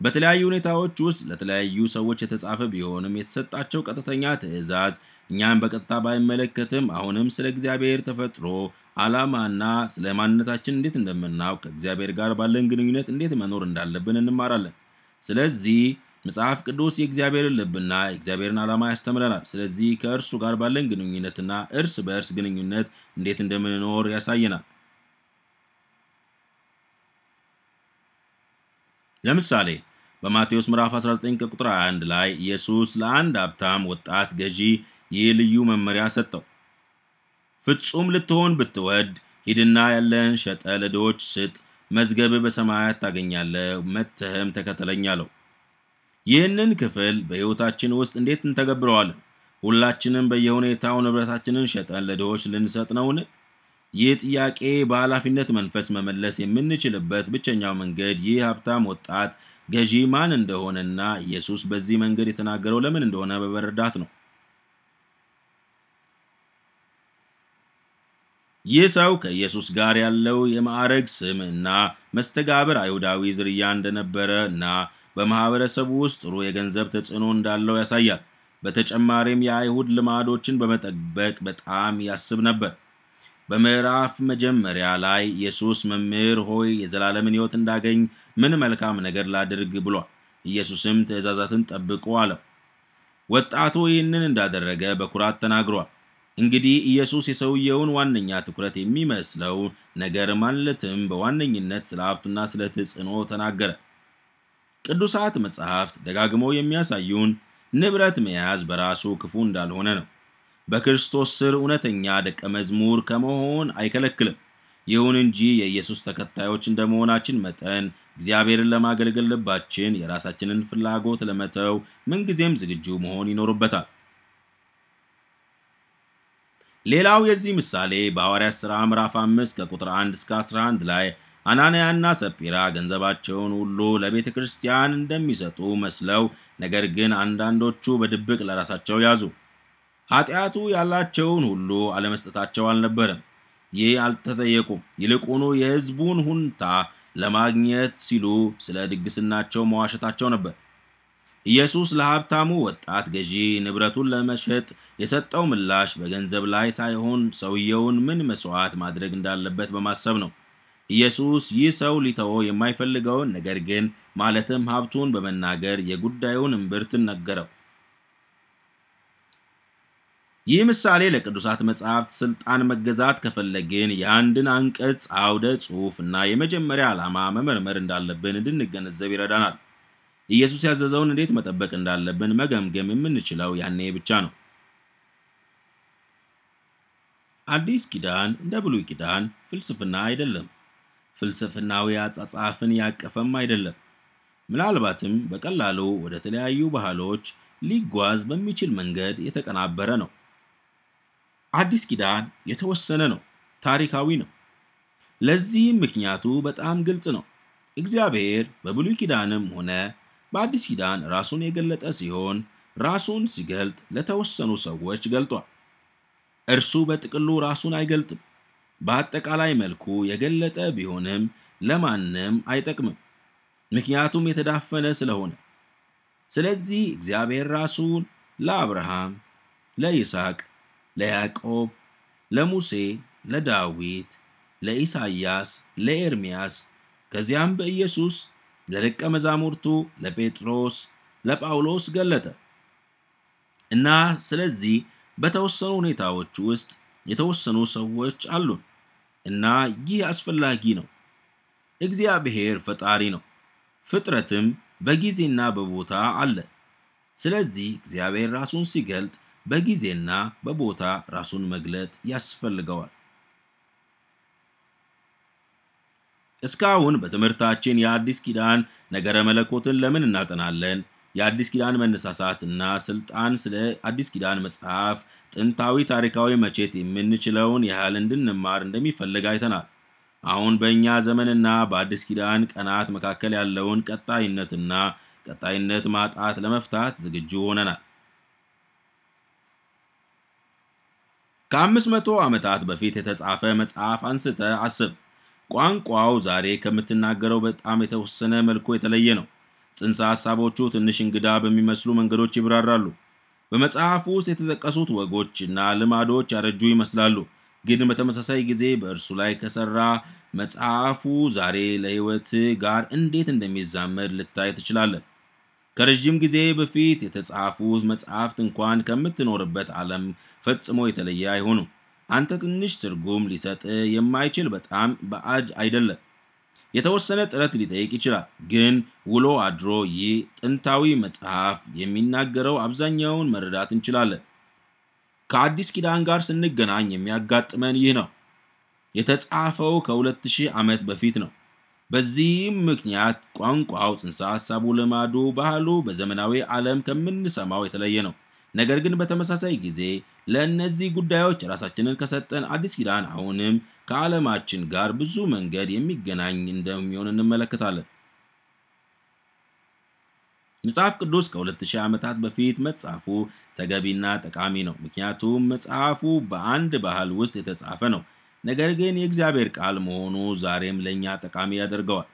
በተለያዩ ሁኔታዎች ውስጥ ለተለያዩ ሰዎች የተጻፈ ቢሆንም የተሰጣቸው ቀጥተኛ ትእዛዝ እኛን በቀጥታ ባይመለከትም አሁንም ስለ እግዚአብሔር ተፈጥሮ ዓላማና ስለ ማንነታችን እንዴት እንደምናውቅ ከእግዚአብሔር ጋር ባለን ግንኙነት እንዴት መኖር እንዳለብን እንማራለን። ስለዚህ መጽሐፍ ቅዱስ የእግዚአብሔርን ልብና የእግዚአብሔርን ዓላማ ያስተምረናል። ስለዚህ ከእርሱ ጋር ባለን ግንኙነትና እርስ በእርስ ግንኙነት እንዴት እንደምንኖር ያሳየናል። ለምሳሌ በማቴዎስ ምዕራፍ 19 ከቁጥር 21 ላይ ኢየሱስ ለአንድ ሀብታም ወጣት ገዢ ይህ ልዩ መመሪያ ሰጠው። ፍጹም ልትሆን ብትወድ ሂድና ያለን ሸጠ ለድሆች ስጥ፣ መዝገብ በሰማያት ታገኛለህ፣ መጥተህም ተከተለኝ አለው። ይህንን ክፍል በሕይወታችን ውስጥ እንዴት እንተገብረዋለን? ሁላችንም በየሁኔታው ንብረታችንን ሸጠን ለድሆች ልንሰጥ ነውን? ይህ ጥያቄ በኃላፊነት መንፈስ መመለስ የምንችልበት ብቸኛው መንገድ ይህ ሀብታም ወጣት ገዢ ማን እንደሆነና ኢየሱስ በዚህ መንገድ የተናገረው ለምን እንደሆነ በመረዳት ነው። ይህ ሰው ከኢየሱስ ጋር ያለው የማዕረግ ስም እና መስተጋብር አይሁዳዊ ዝርያ እንደነበረ እና በማህበረሰቡ ውስጥ ጥሩ የገንዘብ ተጽዕኖ እንዳለው ያሳያል። በተጨማሪም የአይሁድ ልማዶችን በመጠበቅ በጣም ያስብ ነበር። በምዕራፍ መጀመሪያ ላይ ኢየሱስ መምህር ሆይ የዘላለምን ሕይወት እንዳገኝ ምን መልካም ነገር ላድርግ ብሏል። ኢየሱስም ትእዛዛትን ጠብቁ አለው። ወጣቱ ይህንን እንዳደረገ በኩራት ተናግሯል። እንግዲህ ኢየሱስ የሰውየውን ዋነኛ ትኩረት የሚመስለው ነገር ማለትም በዋነኝነት ስለ ሀብቱና ስለ ተጽዕኖ ተናገረ። ቅዱሳት መጻሕፍት ደጋግመው የሚያሳዩን ንብረት መያዝ በራሱ ክፉ እንዳልሆነ ነው። በክርስቶስ ስር እውነተኛ ደቀ መዝሙር ከመሆን አይከለክልም። ይሁን እንጂ የኢየሱስ ተከታዮች እንደመሆናችን መጠን እግዚአብሔርን ለማገልገል ልባችን የራሳችንን ፍላጎት ለመተው ምንጊዜም ዝግጁ መሆን ይኖርበታል። ሌላው የዚህ ምሳሌ በሐዋርያት ሥራ ምዕራፍ 5 ከቁጥር 1 እስከ 11 ላይ አናንያና ሰጲራ ገንዘባቸውን ሁሉ ለቤተ ክርስቲያን እንደሚሰጡ መስለው፣ ነገር ግን አንዳንዶቹ በድብቅ ለራሳቸው ያዙ። ኃጢአቱ ያላቸውን ሁሉ አለመስጠታቸው አልነበረም። ይህ አልተጠየቁም። ይልቁኑ የሕዝቡን ሁንታ ለማግኘት ሲሉ ስለ ድግስናቸው መዋሸታቸው ነበር። ኢየሱስ ለሀብታሙ ወጣት ገዢ ንብረቱን ለመሸጥ የሰጠው ምላሽ በገንዘብ ላይ ሳይሆን ሰውየውን ምን መሥዋዕት ማድረግ እንዳለበት በማሰብ ነው። ኢየሱስ ይህ ሰው ሊተወ የማይፈልገውን ነገር ግን ማለትም ሀብቱን በመናገር የጉዳዩን እምብርትን ነገረው። ይህ ምሳሌ ለቅዱሳት መጽሐፍት ስልጣን መገዛት ከፈለግን የአንድን አንቀጽ አውደ ጽሑፍ እና የመጀመሪያ ዓላማ መመርመር እንዳለብን እንድንገነዘብ ይረዳናል። ኢየሱስ ያዘዘውን እንዴት መጠበቅ እንዳለብን መገምገም የምንችለው ያኔ ብቻ ነው። አዲስ ኪዳን እንደ ብሉይ ኪዳን ፍልስፍና አይደለም። ፍልስፍናዊ አጻጻፍን ያቀፈም አይደለም። ምናልባትም በቀላሉ ወደ ተለያዩ ባህሎች ሊጓዝ በሚችል መንገድ የተቀናበረ ነው። አዲስ ኪዳን የተወሰነ ነው፣ ታሪካዊ ነው። ለዚህም ምክንያቱ በጣም ግልጽ ነው። እግዚአብሔር በብሉይ ኪዳንም ሆነ በአዲስ ኪዳን ራሱን የገለጠ ሲሆን ራሱን ሲገልጥ ለተወሰኑ ሰዎች ገልጧል። እርሱ በጥቅሉ ራሱን አይገልጥም። በአጠቃላይ መልኩ የገለጠ ቢሆንም ለማንም አይጠቅምም፣ ምክንያቱም የተዳፈነ ስለሆነ። ስለዚህ እግዚአብሔር ራሱን ለአብርሃም፣ ለይስሐቅ፣ ለያዕቆብ፣ ለሙሴ፣ ለዳዊት፣ ለኢሳይያስ፣ ለኤርምያስ ከዚያም በኢየሱስ ለደቀ መዛሙርቱ ለጴጥሮስ፣ ለጳውሎስ ገለጠ እና ስለዚህ በተወሰኑ ሁኔታዎች ውስጥ የተወሰኑ ሰዎች አሉን። እና ይህ አስፈላጊ ነው። እግዚአብሔር ፈጣሪ ነው፣ ፍጥረትም በጊዜና በቦታ አለ። ስለዚህ እግዚአብሔር ራሱን ሲገልጥ በጊዜና በቦታ ራሱን መግለጥ ያስፈልገዋል። እስካሁን በትምህርታችን የአዲስ ኪዳን ነገረ መለኮትን ለምን እናጠናለን? የአዲስ ኪዳን መነሳሳት እና ስልጣን ስለ አዲስ ኪዳን መጽሐፍ ጥንታዊ ታሪካዊ መቼት የምንችለውን ያህል እንድንማር እንደሚፈልግ አይተናል። አሁን በእኛ ዘመንና በአዲስ ኪዳን ቀናት መካከል ያለውን ቀጣይነትና ቀጣይነት ማጣት ለመፍታት ዝግጁ ሆነናል። ከአምስት መቶ ዓመታት በፊት የተጻፈ መጽሐፍ አንስተ አስብ። ቋንቋው ዛሬ ከምትናገረው በጣም የተወሰነ መልኩ የተለየ ነው። ጽንሰ ሐሳቦቹ ትንሽ እንግዳ በሚመስሉ መንገዶች ይብራራሉ። በመጽሐፉ ውስጥ የተጠቀሱት ወጎችና ልማዶች ያረጁ ይመስላሉ፣ ግን በተመሳሳይ ጊዜ በእርሱ ላይ ከሠራ መጽሐፉ ዛሬ ለሕይወት ጋር እንዴት እንደሚዛመድ ልታይ ትችላለን። ከረዥም ጊዜ በፊት የተጻፉት መጽሐፍት እንኳን ከምትኖርበት ዓለም ፈጽሞ የተለየ አይሆኑም። አንተ ትንሽ ትርጉም ሊሰጥ የማይችል በጣም በአጅ አይደለም። የተወሰነ ጥረት ሊጠይቅ ይችላል። ግን ውሎ አድሮ ይህ ጥንታዊ መጽሐፍ የሚናገረው አብዛኛውን መረዳት እንችላለን። ከአዲስ ኪዳን ጋር ስንገናኝ የሚያጋጥመን ይህ ነው። የተጻፈው ከ 2000 ዓመት በፊት ነው። በዚህም ምክንያት ቋንቋው፣ ጽንሰ ሐሳቡ፣ ልማዱ፣ ባህሉ በዘመናዊ ዓለም ከምንሰማው የተለየ ነው። ነገር ግን በተመሳሳይ ጊዜ ለእነዚህ ጉዳዮች ራሳችንን ከሰጠን አዲስ ኪዳን አሁንም ከዓለማችን ጋር ብዙ መንገድ የሚገናኝ እንደሚሆን እንመለከታለን። መጽሐፍ ቅዱስ ከ2000 ዓመታት በፊት መጽሐፉ ተገቢና ጠቃሚ ነው። ምክንያቱም መጽሐፉ በአንድ ባህል ውስጥ የተጻፈ ነው፣ ነገር ግን የእግዚአብሔር ቃል መሆኑ ዛሬም ለእኛ ጠቃሚ ያደርገዋል።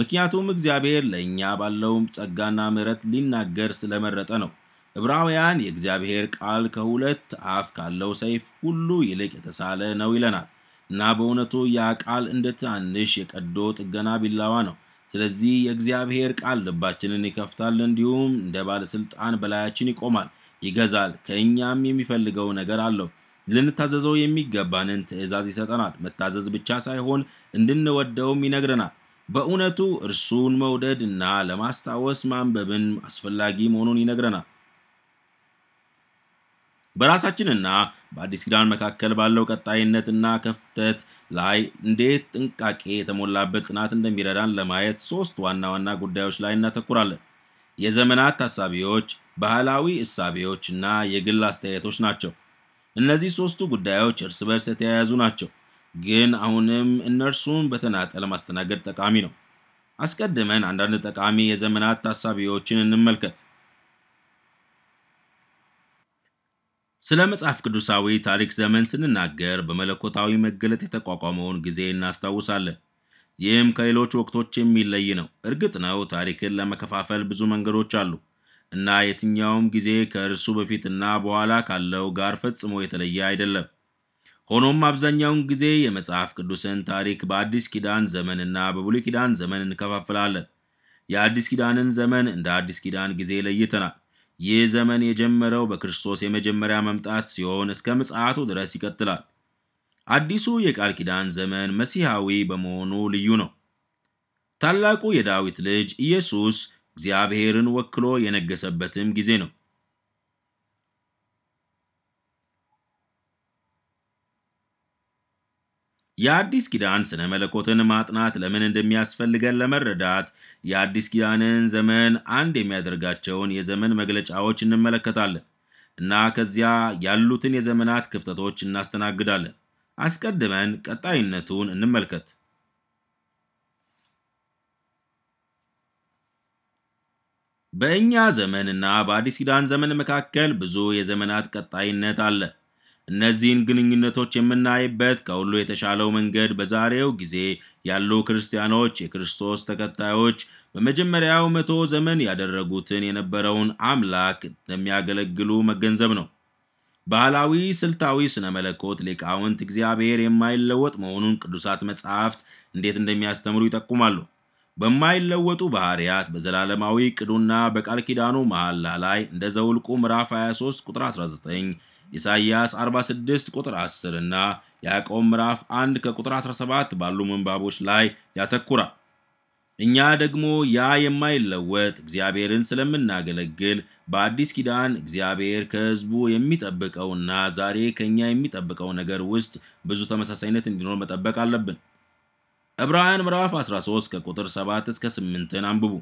ምክንያቱም እግዚአብሔር ለእኛ ባለው ጸጋና ምሕረት ሊናገር ስለመረጠ ነው። ዕብራውያን የእግዚአብሔር ቃል ከሁለት አፍ ካለው ሰይፍ ሁሉ ይልቅ የተሳለ ነው ይለናል። እና በእውነቱ ያ ቃል እንደ ትናንሽ የቀዶ ጥገና ቢላዋ ነው። ስለዚህ የእግዚአብሔር ቃል ልባችንን ይከፍታል፣ እንዲሁም እንደ ባለሥልጣን በላያችን ይቆማል፣ ይገዛል፣ ከእኛም የሚፈልገው ነገር አለው። ልንታዘዘው የሚገባንን ትእዛዝ ይሰጠናል። መታዘዝ ብቻ ሳይሆን እንድንወደውም ይነግረናል። በእውነቱ እርሱን መውደድ እና ለማስታወስ ማንበብን አስፈላጊ መሆኑን ይነግረናል። በራሳችንና በአዲስ ኪዳን መካከል ባለው ቀጣይነትና ክፍተት ላይ እንዴት ጥንቃቄ የተሞላበት ጥናት እንደሚረዳን ለማየት ሦስት ዋና ዋና ጉዳዮች ላይ እናተኩራለን። የዘመናት ታሳቢዎች፣ ባህላዊ እሳቤዎች እና የግል አስተያየቶች ናቸው። እነዚህ ሶስቱ ጉዳዮች እርስ በርስ የተያያዙ ናቸው፣ ግን አሁንም እነርሱን በተናጠል ማስተናገድ ጠቃሚ ነው። አስቀድመን አንዳንድ ጠቃሚ የዘመናት ታሳቢዎችን እንመልከት። ስለ መጽሐፍ ቅዱሳዊ ታሪክ ዘመን ስንናገር በመለኮታዊ መገለጥ የተቋቋመውን ጊዜ እናስታውሳለን። ይህም ከሌሎች ወቅቶች የሚለይ ነው። እርግጥ ነው ታሪክን ለመከፋፈል ብዙ መንገዶች አሉ እና የትኛውም ጊዜ ከእርሱ በፊትና በኋላ ካለው ጋር ፈጽሞ የተለየ አይደለም። ሆኖም አብዛኛውን ጊዜ የመጽሐፍ ቅዱስን ታሪክ በአዲስ ኪዳን ዘመንና በብሉይ ኪዳን ዘመን እንከፋፍላለን። የአዲስ ኪዳንን ዘመን እንደ አዲስ ኪዳን ጊዜ ለይተናል። ይህ ዘመን የጀመረው በክርስቶስ የመጀመሪያ መምጣት ሲሆን እስከ ምጽአቱ ድረስ ይቀጥላል። አዲሱ የቃል ኪዳን ዘመን መሲሐዊ በመሆኑ ልዩ ነው። ታላቁ የዳዊት ልጅ ኢየሱስ እግዚአብሔርን ወክሎ የነገሰበትም ጊዜ ነው። የአዲስ ኪዳን ስነ መለኮትን ማጥናት ለምን እንደሚያስፈልገን ለመረዳት የአዲስ ኪዳንን ዘመን አንድ የሚያደርጋቸውን የዘመን መግለጫዎች እንመለከታለን እና ከዚያ ያሉትን የዘመናት ክፍተቶች እናስተናግዳለን። አስቀድመን ቀጣይነቱን እንመልከት። በእኛ ዘመን እና በአዲስ ኪዳን ዘመን መካከል ብዙ የዘመናት ቀጣይነት አለ። እነዚህን ግንኙነቶች የምናይበት ከሁሉ የተሻለው መንገድ በዛሬው ጊዜ ያሉ ክርስቲያኖች የክርስቶስ ተከታዮች በመጀመሪያው መቶ ዘመን ያደረጉትን የነበረውን አምላክ እንደሚያገለግሉ መገንዘብ ነው። ባህላዊ ስልታዊ ስነ መለኮት ሊቃውንት እግዚአብሔር የማይለወጥ መሆኑን ቅዱሳት መጻሕፍት እንዴት እንደሚያስተምሩ ይጠቁማሉ። በማይለወጡ ባህርያት በዘላለማዊ ቅዱና በቃል ኪዳኑ መሐላ ላይ እንደ ዘውልቁ ምዕራፍ 23 ቁጥር 19 ኢሳይያስ 46 ቁጥር 10 እና ያዕቆብ ምዕራፍ 1 ከቁጥር 17 ባሉ ምንባቦች ላይ ያተኩራል። እኛ ደግሞ ያ የማይለወጥ እግዚአብሔርን ስለምናገለግል በአዲስ ኪዳን እግዚአብሔር ከሕዝቡ የሚጠብቀውና ዛሬ ከእኛ የሚጠብቀው ነገር ውስጥ ብዙ ተመሳሳይነት እንዲኖር መጠበቅ አለብን። ዕብራውያን ምዕራፍ 13 ከቁጥር 7 እስከ 8ን አንብቡ።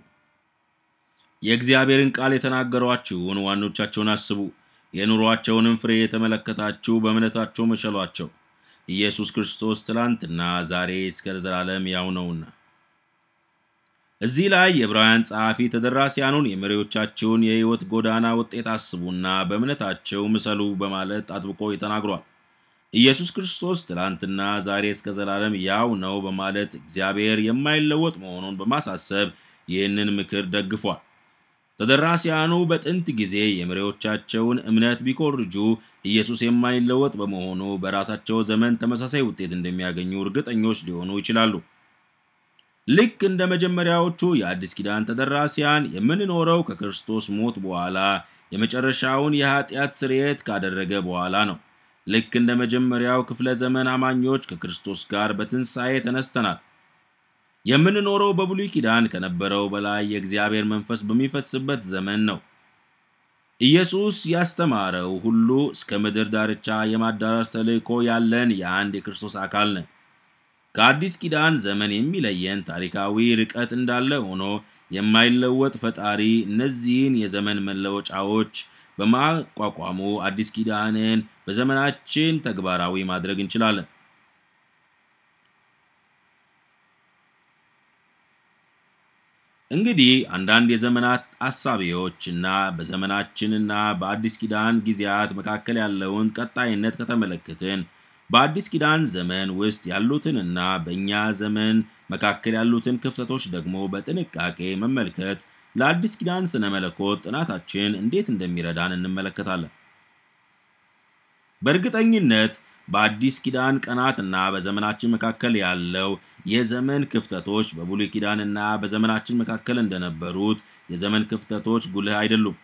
የእግዚአብሔርን ቃል የተናገሯችሁን ዋኖቻቸውን አስቡ የኑሯቸውንም ፍሬ የተመለከታችሁ በእምነታቸው መሸሏቸው። ኢየሱስ ክርስቶስ ትላንትና ዛሬ እስከ ዘላለም ያው ነውና። እዚህ ላይ የዕብራውያን ጸሐፊ ተደራሲያኑን የመሪዎቻቸውን የሕይወት ጎዳና ውጤት አስቡና በእምነታቸው ምሰሉ በማለት አጥብቆ ተናግሯል። ኢየሱስ ክርስቶስ ትላንትና ዛሬ እስከ ዘላለም ያው ነው በማለት እግዚአብሔር የማይለወጥ መሆኑን በማሳሰብ ይህንን ምክር ደግፏል። ተደራሲያኑ በጥንት ጊዜ የመሪዎቻቸውን እምነት ቢኮርጁ ኢየሱስ የማይለወጥ በመሆኑ በራሳቸው ዘመን ተመሳሳይ ውጤት እንደሚያገኙ እርግጠኞች ሊሆኑ ይችላሉ። ልክ እንደ መጀመሪያዎቹ የአዲስ ኪዳን ተደራሲያን የምንኖረው ከክርስቶስ ሞት በኋላ የመጨረሻውን የኃጢአት ስርየት ካደረገ በኋላ ነው። ልክ እንደ መጀመሪያው ክፍለ ዘመን አማኞች ከክርስቶስ ጋር በትንሣኤ ተነስተናል። የምንኖረው በብሉይ ኪዳን ከነበረው በላይ የእግዚአብሔር መንፈስ በሚፈስበት ዘመን ነው። ኢየሱስ ያስተማረው ሁሉ እስከ ምድር ዳርቻ የማዳረስ ተልእኮ ያለን የአንድ የክርስቶስ አካል ነን። ከአዲስ ኪዳን ዘመን የሚለየን ታሪካዊ ርቀት እንዳለ ሆኖ የማይለወጥ ፈጣሪ እነዚህን የዘመን መለወጫዎች በማቋቋሙ አዲስ ኪዳንን በዘመናችን ተግባራዊ ማድረግ እንችላለን። እንግዲህ አንዳንድ የዘመናት አሳቢዎች እና በዘመናችንና በአዲስ ኪዳን ጊዜያት መካከል ያለውን ቀጣይነት ከተመለከትን በአዲስ ኪዳን ዘመን ውስጥ ያሉትንና በእኛ ዘመን መካከል ያሉትን ክፍተቶች ደግሞ በጥንቃቄ መመልከት ለአዲስ ኪዳን ስነ መለኮት ጥናታችን እንዴት እንደሚረዳን እንመለከታለን። በእርግጠኝነት በአዲስ ኪዳን ቀናትና በዘመናችን መካከል ያለው የዘመን ክፍተቶች በብሉይ ኪዳንና በዘመናችን መካከል እንደነበሩት የዘመን ክፍተቶች ጉልህ አይደሉም።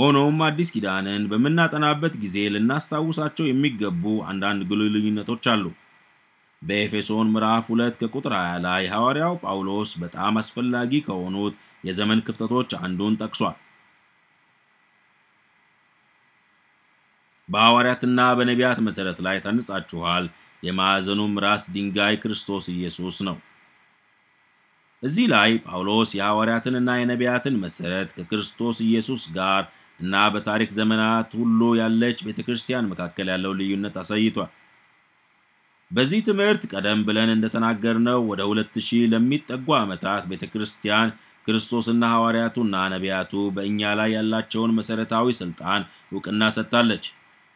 ሆኖም አዲስ ኪዳንን በምናጠናበት ጊዜ ልናስታውሳቸው የሚገቡ አንዳንድ ጉልህ ልዩነቶች አሉ። በኤፌሶን ምዕራፍ 2 ከቁጥር 20 ላይ ሐዋርያው ጳውሎስ በጣም አስፈላጊ ከሆኑት የዘመን ክፍተቶች አንዱን ጠቅሷል። በሐዋርያትና በነቢያት መሠረት ላይ ተንጻችኋል የማዕዘኑም ራስ ድንጋይ ክርስቶስ ኢየሱስ ነው። እዚህ ላይ ጳውሎስ የሐዋርያትንና የነቢያትን መሠረት ከክርስቶስ ኢየሱስ ጋር እና በታሪክ ዘመናት ሁሉ ያለች ቤተ ክርስቲያን መካከል ያለው ልዩነት አሳይቷል። በዚህ ትምህርት ቀደም ብለን እንደተናገርነው ወደ ሁለት ሺህ ለሚጠጉ ዓመታት ቤተ ክርስቲያን ክርስቶስና ሐዋርያቱና ነቢያቱ በእኛ ላይ ያላቸውን መሠረታዊ ሥልጣን ዕውቅና ሰጥታለች።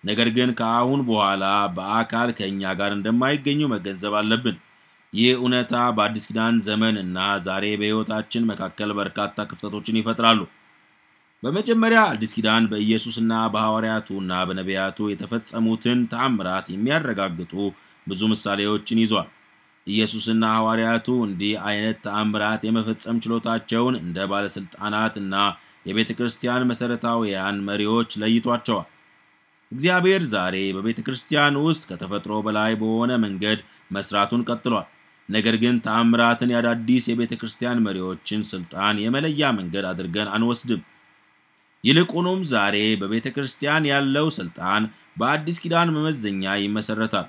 ነገር ግን ከአሁን በኋላ በአካል ከእኛ ጋር እንደማይገኙ መገንዘብ አለብን። ይህ እውነታ በአዲስ ኪዳን ዘመን እና ዛሬ በሕይወታችን መካከል በርካታ ክፍተቶችን ይፈጥራሉ። በመጀመሪያ አዲስ ኪዳን በኢየሱስና በሐዋርያቱ እና በነቢያቱ የተፈጸሙትን ተአምራት የሚያረጋግጡ ብዙ ምሳሌዎችን ይዟል። ኢየሱስና ሐዋርያቱ እንዲህ አይነት ተአምራት የመፈጸም ችሎታቸውን እንደ ባለሥልጣናት እና የቤተ ክርስቲያን መሠረታውያን መሪዎች ለይቷቸዋል። እግዚአብሔር ዛሬ በቤተ ክርስቲያን ውስጥ ከተፈጥሮ በላይ በሆነ መንገድ መስራቱን ቀጥሏል። ነገር ግን ተአምራትን የአዳዲስ የቤተ ክርስቲያን መሪዎችን ስልጣን የመለያ መንገድ አድርገን አንወስድም። ይልቁኑም ዛሬ በቤተ ክርስቲያን ያለው ስልጣን በአዲስ ኪዳን መመዘኛ ይመሰረታል።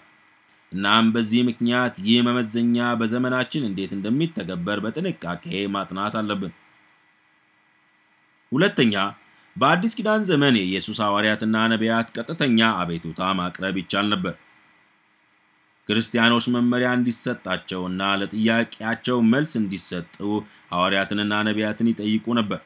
እናም በዚህ ምክንያት ይህ መመዘኛ በዘመናችን እንዴት እንደሚተገበር በጥንቃቄ ማጥናት አለብን። ሁለተኛ በአዲስ ኪዳን ዘመን የኢየሱስ ሐዋርያትና ነቢያት ቀጥተኛ አቤቱታ ማቅረብ ይቻል ነበር። ክርስቲያኖች መመሪያ እንዲሰጣቸውና ለጥያቄያቸው መልስ እንዲሰጡ ሐዋርያትንና ነቢያትን ይጠይቁ ነበር።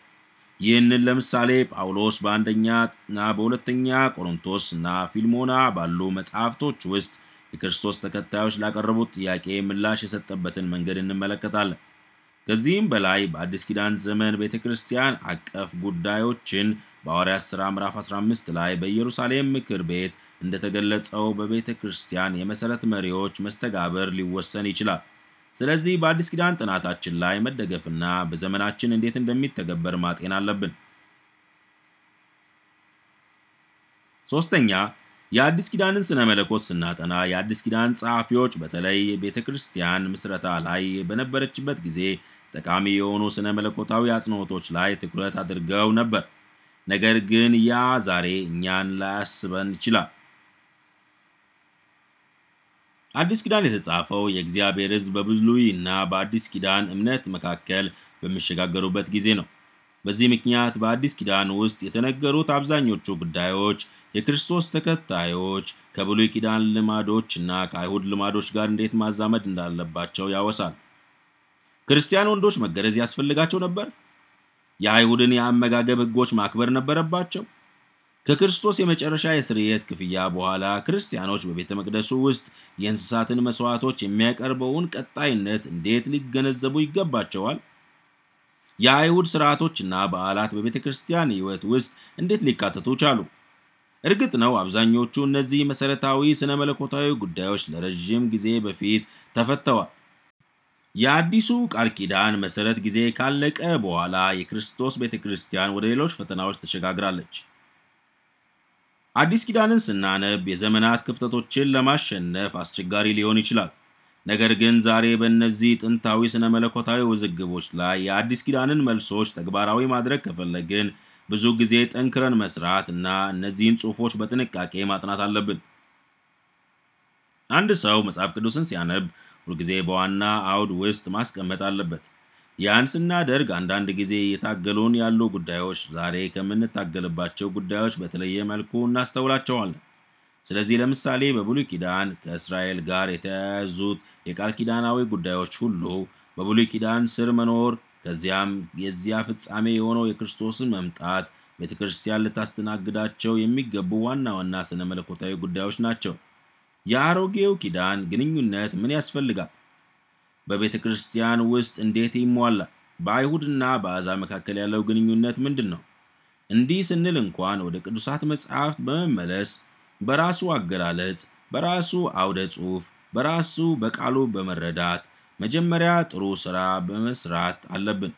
ይህንን ለምሳሌ ጳውሎስ በአንደኛ ና በሁለተኛ ቆሮንቶስ እና ፊልሞና ባሉ መጽሐፍቶች ውስጥ የክርስቶስ ተከታዮች ላቀረቡት ጥያቄ ምላሽ የሰጠበትን መንገድ እንመለከታለን። ከዚህም በላይ በአዲስ ኪዳን ዘመን ቤተ ክርስቲያን አቀፍ ጉዳዮችን በሐዋርያት ሥራ ምዕራፍ 15 ላይ በኢየሩሳሌም ምክር ቤት እንደተገለጸው በቤተ ክርስቲያን የመሠረት መሪዎች መስተጋብር ሊወሰን ይችላል። ስለዚህ በአዲስ ኪዳን ጥናታችን ላይ መደገፍና በዘመናችን እንዴት እንደሚተገበር ማጤን አለብን። ሶስተኛ የአዲስ ኪዳንን ስነ መለኮት ስናጠና የአዲስ ኪዳን ጸሐፊዎች በተለይ ቤተ ክርስቲያን ምስረታ ላይ በነበረችበት ጊዜ ጠቃሚ የሆኑ ስነ መለኮታዊ አጽንዖቶች ላይ ትኩረት አድርገው ነበር። ነገር ግን ያ ዛሬ እኛን ላያስበን ይችላል። አዲስ ኪዳን የተጻፈው የእግዚአብሔር ሕዝብ በብሉይ እና በአዲስ ኪዳን እምነት መካከል በሚሸጋገሩበት ጊዜ ነው። በዚህ ምክንያት በአዲስ ኪዳን ውስጥ የተነገሩት አብዛኞቹ ጉዳዮች የክርስቶስ ተከታዮች ከብሉይ ኪዳን ልማዶች እና ከአይሁድ ልማዶች ጋር እንዴት ማዛመድ እንዳለባቸው ያወሳል። ክርስቲያን ወንዶች መገረዝ ያስፈልጋቸው ነበር? የአይሁድን የአመጋገብ ሕጎች ማክበር ነበረባቸው? ከክርስቶስ የመጨረሻ የስርየት ክፍያ በኋላ ክርስቲያኖች በቤተ መቅደሱ ውስጥ የእንስሳትን መሥዋዕቶች የሚያቀርበውን ቀጣይነት እንዴት ሊገነዘቡ ይገባቸዋል? የአይሁድ ሥርዓቶችና በዓላት በቤተ ክርስቲያን ሕይወት ውስጥ እንዴት ሊካተቱ ቻሉ? እርግጥ ነው አብዛኞቹ እነዚህ መሠረታዊ ስነ መለኮታዊ ጉዳዮች ለረዥም ጊዜ በፊት ተፈተዋል። የአዲሱ ቃል ኪዳን መሰረት ጊዜ ካለቀ በኋላ የክርስቶስ ቤተ ክርስቲያን ወደ ሌሎች ፈተናዎች ተሸጋግራለች። አዲስ ኪዳንን ስናነብ የዘመናት ክፍተቶችን ለማሸነፍ አስቸጋሪ ሊሆን ይችላል። ነገር ግን ዛሬ በእነዚህ ጥንታዊ ስነ መለኮታዊ ውዝግቦች ላይ የአዲስ ኪዳንን መልሶች ተግባራዊ ማድረግ ከፈለግን ብዙ ጊዜ ጠንክረን መስራት እና እነዚህን ጽሑፎች በጥንቃቄ ማጥናት አለብን። አንድ ሰው መጽሐፍ ቅዱስን ሲያነብ ሁልጊዜ በዋና አውድ ውስጥ ማስቀመጥ አለበት። ያን ስናደርግ አንዳንድ ጊዜ እየታገሉን ያሉ ጉዳዮች ዛሬ ከምንታገልባቸው ጉዳዮች በተለየ መልኩ እናስተውላቸዋለን። ስለዚህ ለምሳሌ በብሉይ ኪዳን ከእስራኤል ጋር የተያያዙት የቃል ኪዳናዊ ጉዳዮች ሁሉ በብሉይ ኪዳን ስር መኖር ከዚያም የዚያ ፍጻሜ የሆነው የክርስቶስን መምጣት ቤተ ክርስቲያን ልታስተናግዳቸው የሚገቡ ዋና ዋና ስነ መለኮታዊ ጉዳዮች ናቸው። የአሮጌው ኪዳን ግንኙነት ምን ያስፈልጋል? በቤተ ክርስቲያን ውስጥ እንዴት ይሟላል? በአይሁድና በአዛ መካከል ያለው ግንኙነት ምንድን ነው? እንዲህ ስንል እንኳን ወደ ቅዱሳት መጽሐፍት በመመለስ በራሱ አገላለጽ፣ በራሱ አውደ ጽሑፍ፣ በራሱ በቃሉ በመረዳት መጀመሪያ ጥሩ ሥራ በመስራት አለብን።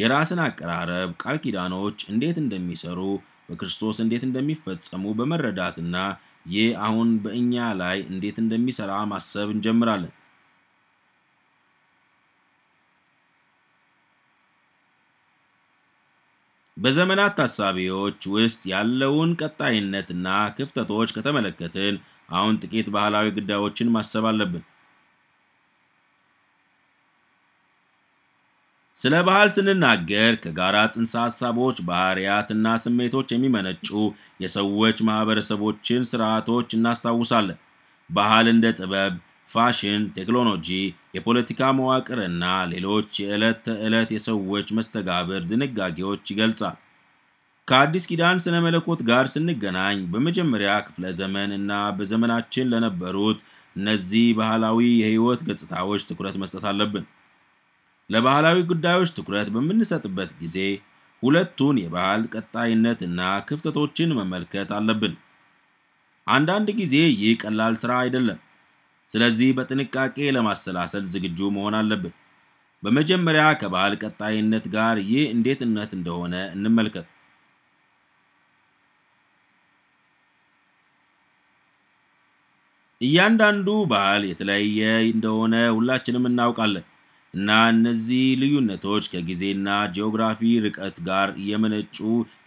የራስን አቀራረብ፣ ቃል ኪዳኖች እንዴት እንደሚሰሩ፣ በክርስቶስ እንዴት እንደሚፈጸሙ በመረዳትና ይህ አሁን በእኛ ላይ እንዴት እንደሚሰራ ማሰብ እንጀምራለን። በዘመናት ታሳቢዎች ውስጥ ያለውን ቀጣይነትና ክፍተቶች ከተመለከትን አሁን ጥቂት ባህላዊ ጉዳዮችን ማሰብ አለብን። ስለ ባህል ስንናገር ከጋራ ጽንሰ ሐሳቦች፣ ባህሪያትና ስሜቶች የሚመነጩ የሰዎች ማኅበረሰቦችን ሥርዓቶች እናስታውሳለን። ባህል እንደ ጥበብ፣ ፋሽን፣ ቴክኖሎጂ፣ የፖለቲካ መዋቅርና ሌሎች የዕለት ተዕለት የሰዎች መስተጋብር ድንጋጌዎች ይገልጻል። ከአዲስ ኪዳን ስነ መለኮት ጋር ስንገናኝ በመጀመሪያ ክፍለ ዘመን እና በዘመናችን ለነበሩት እነዚህ ባህላዊ የሕይወት ገጽታዎች ትኩረት መስጠት አለብን። ለባህላዊ ጉዳዮች ትኩረት በምንሰጥበት ጊዜ ሁለቱን የባህል ቀጣይነትና ክፍተቶችን መመልከት አለብን። አንዳንድ ጊዜ ይህ ቀላል ሥራ አይደለም። ስለዚህ በጥንቃቄ ለማሰላሰል ዝግጁ መሆን አለብን። በመጀመሪያ ከባህል ቀጣይነት ጋር ይህ እንዴትነት እንደሆነ እንመልከት። እያንዳንዱ ባህል የተለያየ እንደሆነ ሁላችንም እናውቃለን። እና እነዚህ ልዩነቶች ከጊዜና ጂኦግራፊ ርቀት ጋር እየመነጩ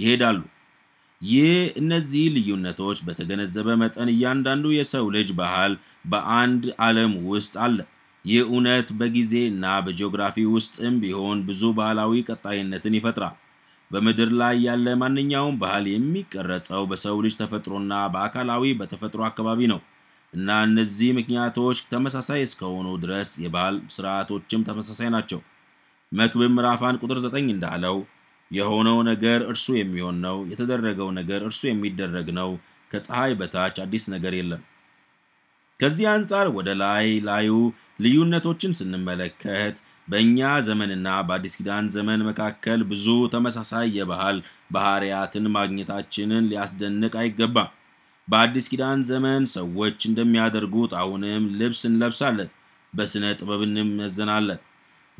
ይሄዳሉ። ይህ እነዚህ ልዩነቶች በተገነዘበ መጠን እያንዳንዱ የሰው ልጅ ባህል በአንድ ዓለም ውስጥ አለ። ይህ እውነት በጊዜ እና በጂኦግራፊ ውስጥም ቢሆን ብዙ ባህላዊ ቀጣይነትን ይፈጥራል። በምድር ላይ ያለ ማንኛውም ባህል የሚቀረጸው በሰው ልጅ ተፈጥሮና በአካላዊ በተፈጥሮ አካባቢ ነው። እና እነዚህ ምክንያቶች ተመሳሳይ እስከሆኑ ድረስ የባህል ስርዓቶችም ተመሳሳይ ናቸው። መክብብ ምዕራፍ አንድ ቁጥር ዘጠኝ እንዳለው የሆነው ነገር እርሱ የሚሆን ነው፣ የተደረገው ነገር እርሱ የሚደረግ ነው፣ ከፀሐይ በታች አዲስ ነገር የለም። ከዚህ አንጻር ወደ ላይ ላዩ ልዩነቶችን ስንመለከት በእኛ ዘመንና በአዲስ ኪዳን ዘመን መካከል ብዙ ተመሳሳይ የባህል ባህሪያትን ማግኘታችንን ሊያስደንቅ አይገባም። በአዲስ ኪዳን ዘመን ሰዎች እንደሚያደርጉት አሁንም ልብስ እንለብሳለን፣ በሥነ ጥበብ እንመዘናለን፣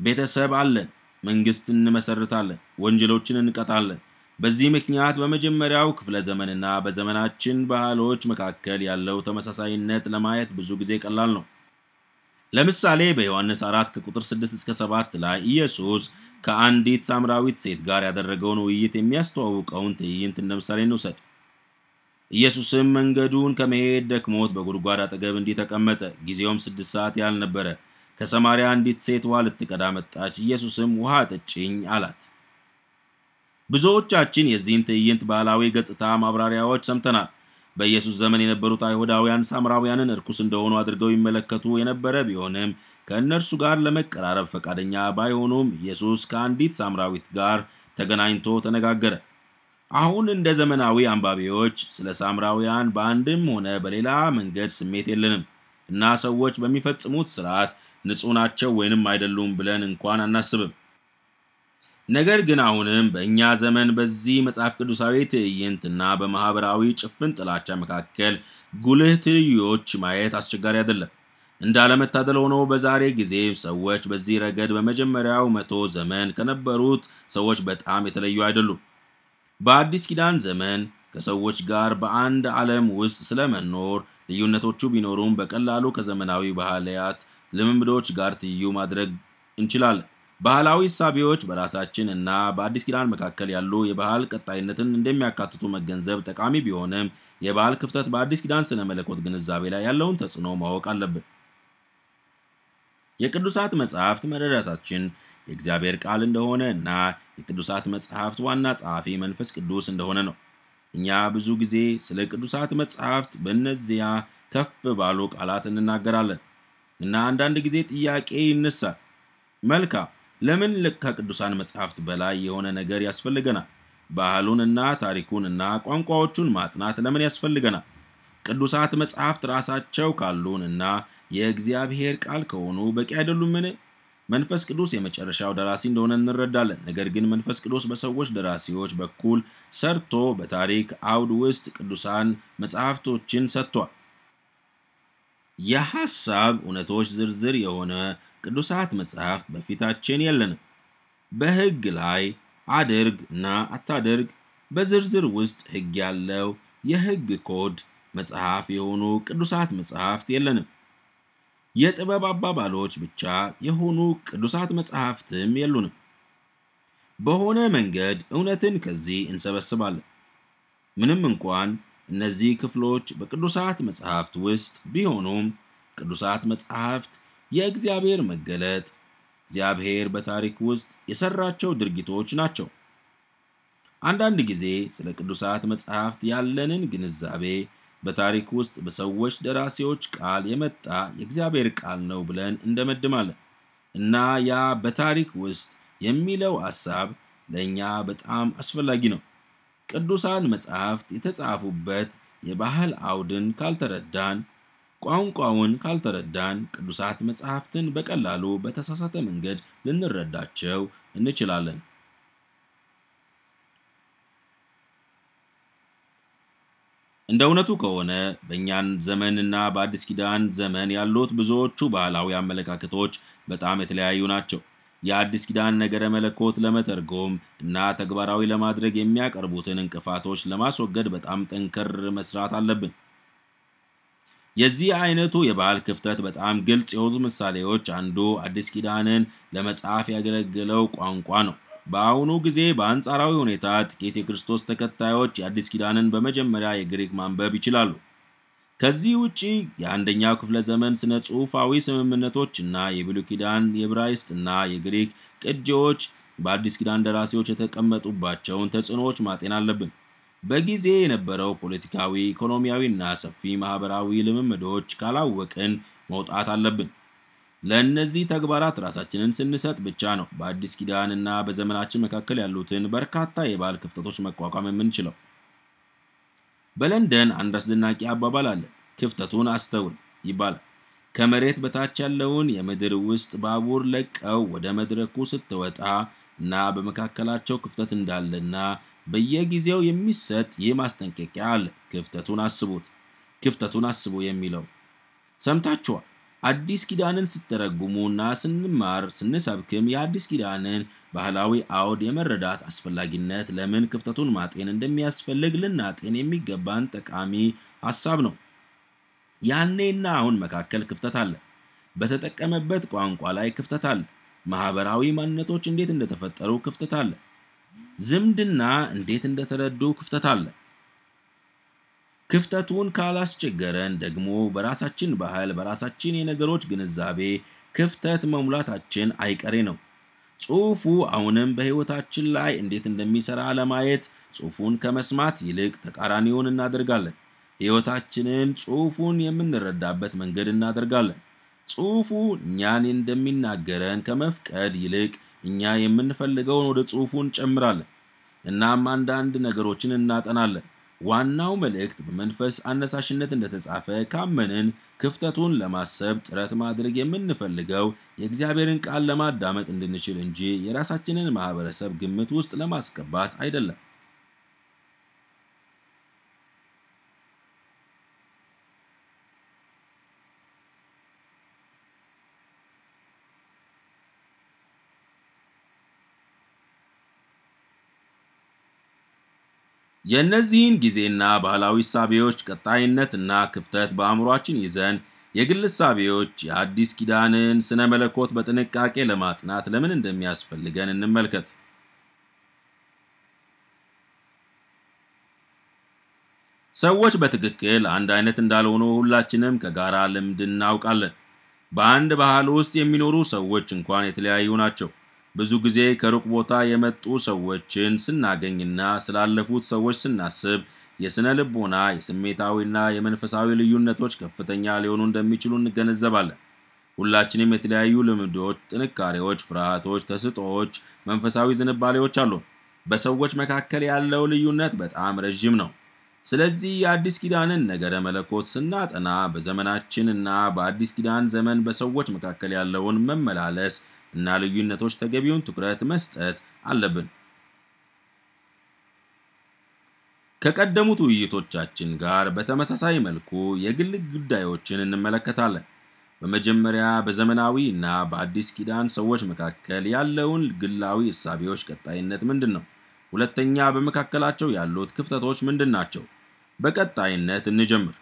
ቤተሰብ አለን፣ መንግሥት እንመሰርታለን፣ ወንጀሎችን እንቀጣለን። በዚህ ምክንያት በመጀመሪያው ክፍለ ዘመንና በዘመናችን ባህሎች መካከል ያለው ተመሳሳይነት ለማየት ብዙ ጊዜ ቀላል ነው። ለምሳሌ በዮሐንስ 4 ከቁጥር 6 እስከ 7 ላይ ኢየሱስ ከአንዲት ሳምራዊት ሴት ጋር ያደረገውን ውይይት የሚያስተዋውቀውን ትዕይንት እንደ ምሳሌ እንውሰድ። ኢየሱስም መንገዱን ከመሄድ ደክሞት በጉድጓድ አጠገብ እንዲህ ተቀመጠ። ጊዜውም ስድስት ሰዓት ያህል ነበረ። ከሰማርያ አንዲት ሴት ውሃ ልትቀዳ መጣች። ኢየሱስም ውሃ ጥጭኝ አላት። ብዙዎቻችን የዚህን ትዕይንት ባህላዊ ገጽታ ማብራሪያዎች ሰምተናል። በኢየሱስ ዘመን የነበሩት አይሁዳውያን ሳምራውያንን እርኩስ እንደሆኑ አድርገው ይመለከቱ የነበረ ቢሆንም ከእነርሱ ጋር ለመቀራረብ ፈቃደኛ ባይሆኑም ኢየሱስ ከአንዲት ሳምራዊት ጋር ተገናኝቶ ተነጋገረ። አሁን እንደ ዘመናዊ አንባቢዎች ስለ ሳምራውያን በአንድም ሆነ በሌላ መንገድ ስሜት የለንም እና ሰዎች በሚፈጽሙት ስርዓት ንጹህ ናቸው ወይንም አይደሉም ብለን እንኳን አናስብም። ነገር ግን አሁንም በእኛ ዘመን በዚህ መጽሐፍ ቅዱሳዊ ትዕይንት እና በማኅበራዊ ጭፍን ጥላቻ መካከል ጉልህ ትይዮች ማየት አስቸጋሪ አይደለም። እንዳለመታደል ሆኖ በዛሬ ጊዜ ሰዎች በዚህ ረገድ በመጀመሪያው መቶ ዘመን ከነበሩት ሰዎች በጣም የተለዩ አይደሉም። በአዲስ ኪዳን ዘመን ከሰዎች ጋር በአንድ ዓለም ውስጥ ስለመኖር ልዩነቶቹ ቢኖሩም በቀላሉ ከዘመናዊ ባህልያት ልምምዶች ጋር ትይዩ ማድረግ እንችላለን። ባህላዊ እሳቤዎች በራሳችን እና በአዲስ ኪዳን መካከል ያሉ የባህል ቀጣይነትን እንደሚያካትቱ መገንዘብ ጠቃሚ ቢሆንም የባህል ክፍተት በአዲስ ኪዳን ስነ መለኮት ግንዛቤ ላይ ያለውን ተጽዕኖ ማወቅ አለብን። የቅዱሳት መጽሐፍት መረዳታችን የእግዚአብሔር ቃል እንደሆነ እና የቅዱሳት መጽሐፍት ዋና ጸሐፊ መንፈስ ቅዱስ እንደሆነ ነው። እኛ ብዙ ጊዜ ስለ ቅዱሳት መጽሐፍት በእነዚያ ከፍ ባሉ ቃላት እንናገራለን እና አንዳንድ ጊዜ ጥያቄ ይነሳል። መልካም፣ ለምን ከቅዱሳን መጽሐፍት በላይ የሆነ ነገር ያስፈልገናል? ባህሉን እና ታሪኩን እና ቋንቋዎቹን ማጥናት ለምን ያስፈልገናል? ቅዱሳት መጽሐፍት ራሳቸው ካሉንና የእግዚአብሔር ቃል ከሆኑ በቂ አይደሉምን? መንፈስ ቅዱስ የመጨረሻው ደራሲ እንደሆነ እንረዳለን። ነገር ግን መንፈስ ቅዱስ በሰዎች ደራሲዎች በኩል ሰርቶ በታሪክ አውድ ውስጥ ቅዱሳን መጽሐፍቶችን ሰጥቷል። የሐሳብ እውነቶች ዝርዝር የሆነ ቅዱሳት መጽሐፍት በፊታችን የለንም። በሕግ ላይ አድርግ እና አታድርግ በዝርዝር ውስጥ ሕግ ያለው የሕግ ኮድ መጽሐፍ የሆኑ ቅዱሳት መጽሐፍት የለንም። የጥበብ አባባሎች ብቻ የሆኑ ቅዱሳት መጽሐፍትም የሉንም። በሆነ መንገድ እውነትን ከዚህ እንሰበስባለን። ምንም እንኳን እነዚህ ክፍሎች በቅዱሳት መጽሐፍት ውስጥ ቢሆኑም ቅዱሳት መጽሐፍት የእግዚአብሔር መገለጥ፣ እግዚአብሔር በታሪክ ውስጥ የሰራቸው ድርጊቶች ናቸው። አንዳንድ ጊዜ ስለ ቅዱሳት መጽሐፍት ያለንን ግንዛቤ በታሪክ ውስጥ በሰዎች ደራሲዎች ቃል የመጣ የእግዚአብሔር ቃል ነው ብለን እንደመድማለን እና ያ በታሪክ ውስጥ የሚለው ሐሳብ ለእኛ በጣም አስፈላጊ ነው። ቅዱሳን መጻሕፍት የተጻፉበት የባህል አውድን ካልተረዳን፣ ቋንቋውን ካልተረዳን ቅዱሳት መጻሕፍትን በቀላሉ በተሳሳተ መንገድ ልንረዳቸው እንችላለን። እንደ እውነቱ ከሆነ በእኛን ዘመንና በአዲስ ኪዳን ዘመን ያሉት ብዙዎቹ ባህላዊ አመለካከቶች በጣም የተለያዩ ናቸው። የአዲስ ኪዳን ነገረ መለኮት ለመተርጎም እና ተግባራዊ ለማድረግ የሚያቀርቡትን እንቅፋቶች ለማስወገድ በጣም ጠንከር መስራት አለብን። የዚህ አይነቱ የባህል ክፍተት በጣም ግልጽ የሆኑ ምሳሌዎች አንዱ አዲስ ኪዳንን ለመጻፍ ያገለገለው ቋንቋ ነው። በአሁኑ ጊዜ በአንጻራዊ ሁኔታ ጥቂት የክርስቶስ ተከታዮች የአዲስ ኪዳንን በመጀመሪያ የግሪክ ማንበብ ይችላሉ። ከዚህ ውጪ የአንደኛው ክፍለ ዘመን ስነ ጽሑፋዊ ስምምነቶች እና የብሉይ ኪዳን የዕብራይስጥ እና የግሪክ ቅጂዎች በአዲስ ኪዳን ደራሲዎች የተቀመጡባቸውን ተጽዕኖዎች ማጤን አለብን። በጊዜ የነበረው ፖለቲካዊ፣ ኢኮኖሚያዊ እና ሰፊ ማህበራዊ ልምምዶች ካላወቅን መውጣት አለብን። ለእነዚህ ተግባራት ራሳችንን ስንሰጥ ብቻ ነው በአዲስ ኪዳንና በዘመናችን መካከል ያሉትን በርካታ የባህል ክፍተቶች መቋቋም የምንችለው። በለንደን አንድ አስደናቂ አባባል አለ። ክፍተቱን አስተውል ይባላል። ከመሬት በታች ያለውን የምድር ውስጥ ባቡር ለቀው ወደ መድረኩ ስትወጣ እና በመካከላቸው ክፍተት እንዳለና በየጊዜው የሚሰጥ ይህ ማስጠንቀቂያ አለ። ክፍተቱን አስቡት። ክፍተቱን አስቡ የሚለው ሰምታችኋል። አዲስ ኪዳንን ስትረጉሙና ስንማር ስንሰብክም የአዲስ ኪዳንን ባህላዊ አውድ የመረዳት አስፈላጊነት ለምን ክፍተቱን ማጤን እንደሚያስፈልግ ልናጤን የሚገባን ጠቃሚ ሀሳብ ነው። ያኔና አሁን መካከል ክፍተት አለ። በተጠቀመበት ቋንቋ ላይ ክፍተት አለ። ማህበራዊ ማንነቶች እንዴት እንደተፈጠሩ ክፍተት አለ። ዝምድና እንዴት እንደተረዱ ክፍተት አለ። ክፍተቱን ካላስቸገረን ደግሞ በራሳችን ባህል፣ በራሳችን የነገሮች ግንዛቤ ክፍተት መሙላታችን አይቀሬ ነው። ጽሑፉ አሁንም በሕይወታችን ላይ እንዴት እንደሚሠራ ለማየት ጽሑፉን ከመስማት ይልቅ ተቃራኒውን እናደርጋለን። ሕይወታችንን ጽሑፉን የምንረዳበት መንገድ እናደርጋለን። ጽሑፉ እኛን እንደሚናገረን ከመፍቀድ ይልቅ እኛ የምንፈልገውን ወደ ጽሑፉ እንጨምራለን። እናም አንዳንድ ነገሮችን እናጠናለን። ዋናው መልእክት በመንፈስ አነሳሽነት እንደተጻፈ ካመንን ክፍተቱን ለማሰብ ጥረት ማድረግ የምንፈልገው የእግዚአብሔርን ቃል ለማዳመጥ እንድንችል እንጂ የራሳችንን ማህበረሰብ ግምት ውስጥ ለማስገባት አይደለም። የእነዚህን ጊዜና ባህላዊ እሳቤዎች ቀጣይነትና ክፍተት በአእምሯችን ይዘን የግል እሳቤዎች የአዲስ ኪዳንን ስነ መለኮት በጥንቃቄ ለማጥናት ለምን እንደሚያስፈልገን እንመልከት። ሰዎች በትክክል አንድ አይነት እንዳልሆኑ ሁላችንም ከጋራ ልምድ እናውቃለን። በአንድ ባህል ውስጥ የሚኖሩ ሰዎች እንኳን የተለያዩ ናቸው። ብዙ ጊዜ ከሩቅ ቦታ የመጡ ሰዎችን ስናገኝና ስላለፉት ሰዎች ስናስብ የሥነ ልቦና የስሜታዊና የመንፈሳዊ ልዩነቶች ከፍተኛ ሊሆኑ እንደሚችሉ እንገነዘባለን። ሁላችንም የተለያዩ ልምዶች፣ ጥንካሬዎች፣ ፍርሃቶች፣ ተስጦዎች፣ መንፈሳዊ ዝንባሌዎች አሉ። በሰዎች መካከል ያለው ልዩነት በጣም ረዥም ነው። ስለዚህ የአዲስ ኪዳንን ነገረ መለኮት ስናጠና በዘመናችን እና በአዲስ ኪዳን ዘመን በሰዎች መካከል ያለውን መመላለስ እና ልዩነቶች ተገቢውን ትኩረት መስጠት አለብን። ከቀደሙት ውይይቶቻችን ጋር በተመሳሳይ መልኩ የግል ጉዳዮችን እንመለከታለን። በመጀመሪያ በዘመናዊ እና በአዲስ ኪዳን ሰዎች መካከል ያለውን ግላዊ እሳቤዎች ቀጣይነት ምንድን ነው? ሁለተኛ፣ በመካከላቸው ያሉት ክፍተቶች ምንድን ናቸው? በቀጣይነት እንጀምር።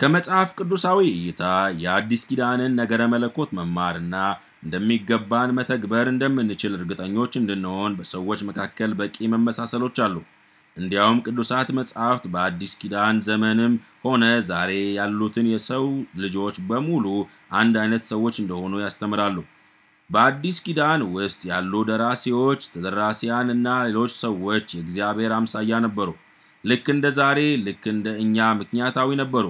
ከመጽሐፍ ቅዱሳዊ እይታ የአዲስ ኪዳንን ነገረ መለኮት መማርና እንደሚገባን መተግበር እንደምንችል እርግጠኞች እንድንሆን በሰዎች መካከል በቂ መመሳሰሎች አሉ። እንዲያውም ቅዱሳት መጻሕፍት በአዲስ ኪዳን ዘመንም ሆነ ዛሬ ያሉትን የሰው ልጆች በሙሉ አንድ አይነት ሰዎች እንደሆኑ ያስተምራሉ። በአዲስ ኪዳን ውስጥ ያሉ ደራሲዎች፣ ተደራሲያን እና ሌሎች ሰዎች የእግዚአብሔር አምሳያ ነበሩ። ልክ እንደ ዛሬ፣ ልክ እንደ እኛ ምክንያታዊ ነበሩ።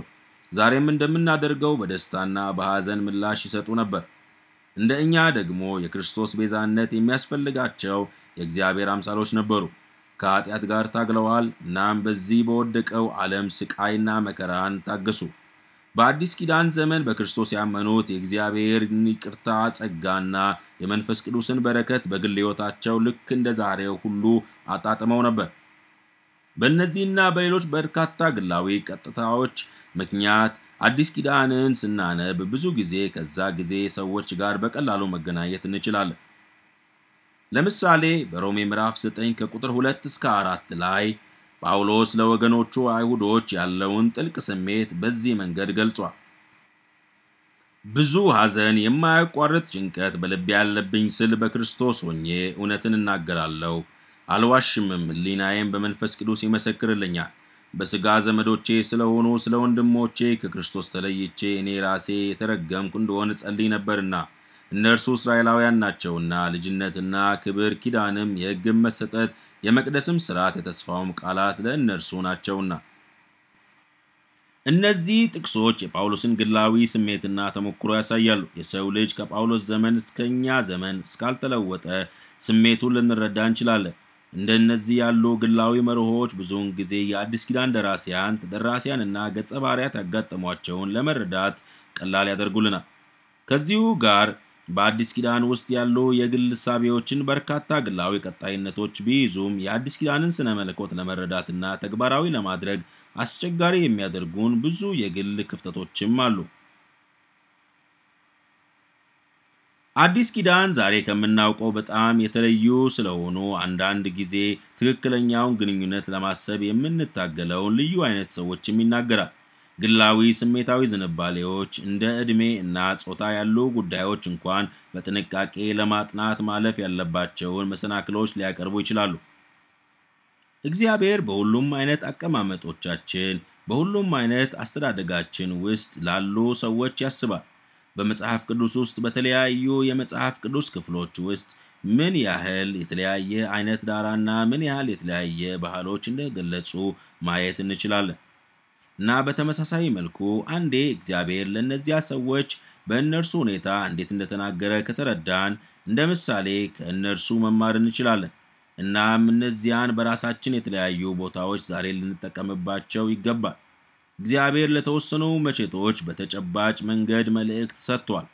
ዛሬም እንደምናደርገው በደስታና በሐዘን ምላሽ ይሰጡ ነበር። እንደ እኛ ደግሞ የክርስቶስ ቤዛነት የሚያስፈልጋቸው የእግዚአብሔር አምሳሎች ነበሩ። ከኃጢአት ጋር ታግለዋል። እናም በዚህ በወደቀው ዓለም ስቃይና መከራን ታገሱ። በአዲስ ኪዳን ዘመን በክርስቶስ ያመኑት የእግዚአብሔርን ይቅርታ ጸጋና የመንፈስ ቅዱስን በረከት በግል ሕይወታቸው ልክ እንደ ዛሬው ሁሉ አጣጥመው ነበር። በእነዚህና በሌሎች በርካታ ግላዊ ቀጥታዎች ምክንያት አዲስ ኪዳንን ስናነብ ብዙ ጊዜ ከዛ ጊዜ ሰዎች ጋር በቀላሉ መገናኘት እንችላለን። ለምሳሌ በሮሜ ምዕራፍ 9 ከቁጥር 2 እስከ 4 ላይ ጳውሎስ ለወገኖቹ አይሁዶች ያለውን ጥልቅ ስሜት በዚህ መንገድ ገልጿል። ብዙ ሐዘን፣ የማያቋርጥ ጭንቀት በልቤ ያለብኝ ስል በክርስቶስ ሆኜ እውነትን እናገራለሁ አልዋሽምም፣ ሕሊናዬም በመንፈስ ቅዱስ ይመሰክርልኛል። በሥጋ ዘመዶቼ ስለሆኑ ስለ ወንድሞቼ ከክርስቶስ ተለይቼ እኔ ራሴ የተረገምኩ እንደሆን ጸልይ ነበርና እነርሱ እስራኤላውያን ናቸውና ልጅነትና ክብር፣ ኪዳንም፣ የሕግም መሰጠት፣ የመቅደስም ሥርዓት፣ የተስፋውም ቃላት ለእነርሱ ናቸውና። እነዚህ ጥቅሶች የጳውሎስን ግላዊ ስሜትና ተሞክሮ ያሳያሉ። የሰው ልጅ ከጳውሎስ ዘመን እስከኛ ዘመን እስካልተለወጠ ስሜቱን ልንረዳ እንችላለን። እንደነዚህ ያሉ ግላዊ መርሆች ብዙውን ጊዜ የአዲስ ኪዳን ደራሲያን ተደራሲያንና ገጸ ባህርያት ያጋጠሟቸውን ለመረዳት ቀላል ያደርጉልናል። ከዚሁ ጋር በአዲስ ኪዳን ውስጥ ያሉ የግል እሳቤዎችን በርካታ ግላዊ ቀጣይነቶች ቢይዙም የአዲስ ኪዳንን ስነ መለኮት ለመረዳትና ተግባራዊ ለማድረግ አስቸጋሪ የሚያደርጉን ብዙ የግል ክፍተቶችም አሉ። አዲስ ኪዳን ዛሬ ከምናውቀው በጣም የተለዩ ስለሆኑ አንዳንድ ጊዜ ትክክለኛውን ግንኙነት ለማሰብ የምንታገለውን ልዩ አይነት ሰዎችም ይናገራል። ግላዊ ስሜታዊ ዝንባሌዎች እንደ ዕድሜ እና ጾታ ያሉ ጉዳዮች እንኳን በጥንቃቄ ለማጥናት ማለፍ ያለባቸውን መሰናክሎች ሊያቀርቡ ይችላሉ። እግዚአብሔር በሁሉም አይነት አቀማመጦቻችን፣ በሁሉም አይነት አስተዳደጋችን ውስጥ ላሉ ሰዎች ያስባል። በመጽሐፍ ቅዱስ ውስጥ በተለያዩ የመጽሐፍ ቅዱስ ክፍሎች ውስጥ ምን ያህል የተለያየ አይነት ዳራና ምን ያህል የተለያየ ባህሎች እንደገለጹ ማየት እንችላለን እና በተመሳሳይ መልኩ አንዴ እግዚአብሔር ለእነዚያ ሰዎች በእነርሱ ሁኔታ እንዴት እንደተናገረ ከተረዳን እንደ ምሳሌ ከእነርሱ መማር እንችላለን። እናም እነዚያን በራሳችን የተለያዩ ቦታዎች ዛሬ ልንጠቀምባቸው ይገባል። እግዚአብሔር ለተወሰኑ መቼቶች በተጨባጭ መንገድ መልእክት ሰጥቷል።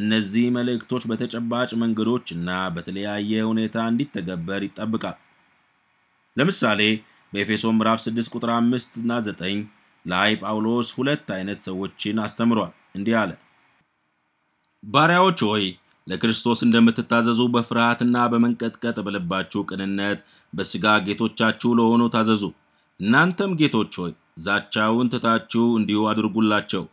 እነዚህ መልእክቶች በተጨባጭ መንገዶች እና በተለያየ ሁኔታ እንዲተገበር ይጠብቃል። ለምሳሌ በኤፌሶ ምዕራፍ 6 ቁጥር 5 እና 9 ላይ ጳውሎስ ሁለት አይነት ሰዎችን አስተምሯል። እንዲህ አለ፣ ባሪያዎች ሆይ ለክርስቶስ እንደምትታዘዙ በፍርሃትና በመንቀጥቀጥ በልባችሁ ቅንነት በሥጋ ጌቶቻችሁ ለሆኑ ታዘዙ። እናንተም ጌቶች ሆይ ዛቻውን ትታችሁ እንዲሁ አድርጉላቸው።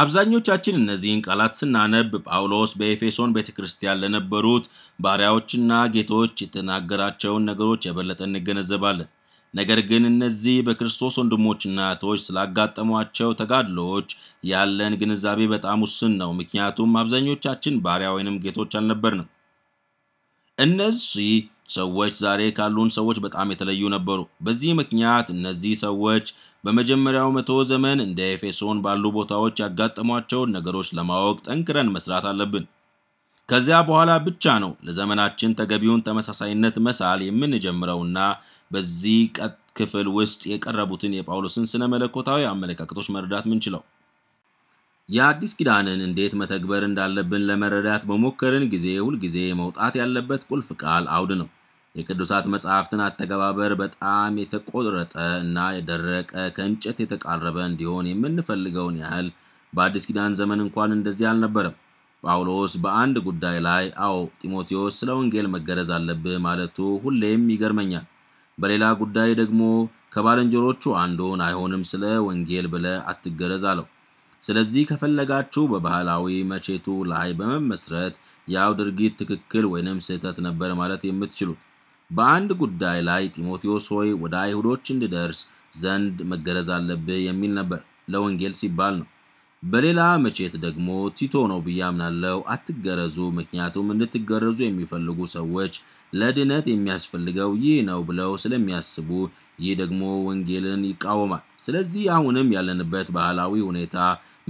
አብዛኞቻችን እነዚህን ቃላት ስናነብ ጳውሎስ በኤፌሶን ቤተ ክርስቲያን ለነበሩት ባሪያዎችና ጌቶች የተናገራቸውን ነገሮች የበለጠ እንገነዘባለን። ነገር ግን እነዚህ በክርስቶስ ወንድሞችና እህቶች ስላጋጠሟቸው ተጋድሎች ያለን ግንዛቤ በጣም ውስን ነው። ምክንያቱም አብዛኞቻችን ባሪያ ወይንም ጌቶች አልነበርንም። እነዚህ ሰዎች ዛሬ ካሉን ሰዎች በጣም የተለዩ ነበሩ። በዚህ ምክንያት እነዚህ ሰዎች በመጀመሪያው መቶ ዘመን እንደ ኤፌሶን ባሉ ቦታዎች ያጋጠሟቸውን ነገሮች ለማወቅ ጠንክረን መስራት አለብን። ከዚያ በኋላ ብቻ ነው ለዘመናችን ተገቢውን ተመሳሳይነት መሳል የምንጀምረውና በዚህ ቀጥ ክፍል ውስጥ የቀረቡትን የጳውሎስን ስነ መለኮታዊ አመለካከቶች መረዳት ምንችለው። የአዲስ ኪዳንን እንዴት መተግበር እንዳለብን ለመረዳት በሞከርን ጊዜ ሁልጊዜ መውጣት ያለበት ቁልፍ ቃል አውድ ነው። የቅዱሳት መጽሐፍትን አተገባበር በጣም የተቆረጠ እና የደረቀ ከእንጨት የተቃረበ እንዲሆን የምንፈልገውን ያህል በአዲስ ኪዳን ዘመን እንኳን እንደዚህ አልነበረም። ጳውሎስ በአንድ ጉዳይ ላይ አዎ ጢሞቴዎስ ስለ ወንጌል መገረዝ አለብህ ማለቱ ሁሌም ይገርመኛል። በሌላ ጉዳይ ደግሞ ከባልንጀሮቹ አንዱን አይሆንም ስለ ወንጌል ብለህ አትገረዝ አለው። ስለዚህ ከፈለጋችሁ በባህላዊ መቼቱ ላይ በመመስረት ያው ድርጊት ትክክል ወይንም ስህተት ነበር ማለት የምትችሉት በአንድ ጉዳይ ላይ ጢሞቴዎስ ሆይ ወደ አይሁዶች እንድደርስ ዘንድ መገረዝ አለብህ የሚል ነበር። ለወንጌል ሲባል ነው። በሌላ መቼት ደግሞ ቲቶ ነው ብዬ አምናለሁ። አትገረዙ፣ ምክንያቱም እንድትገረዙ የሚፈልጉ ሰዎች ለድነት የሚያስፈልገው ይህ ነው ብለው ስለሚያስቡ፣ ይህ ደግሞ ወንጌልን ይቃወማል። ስለዚህ አሁንም ያለንበት ባህላዊ ሁኔታ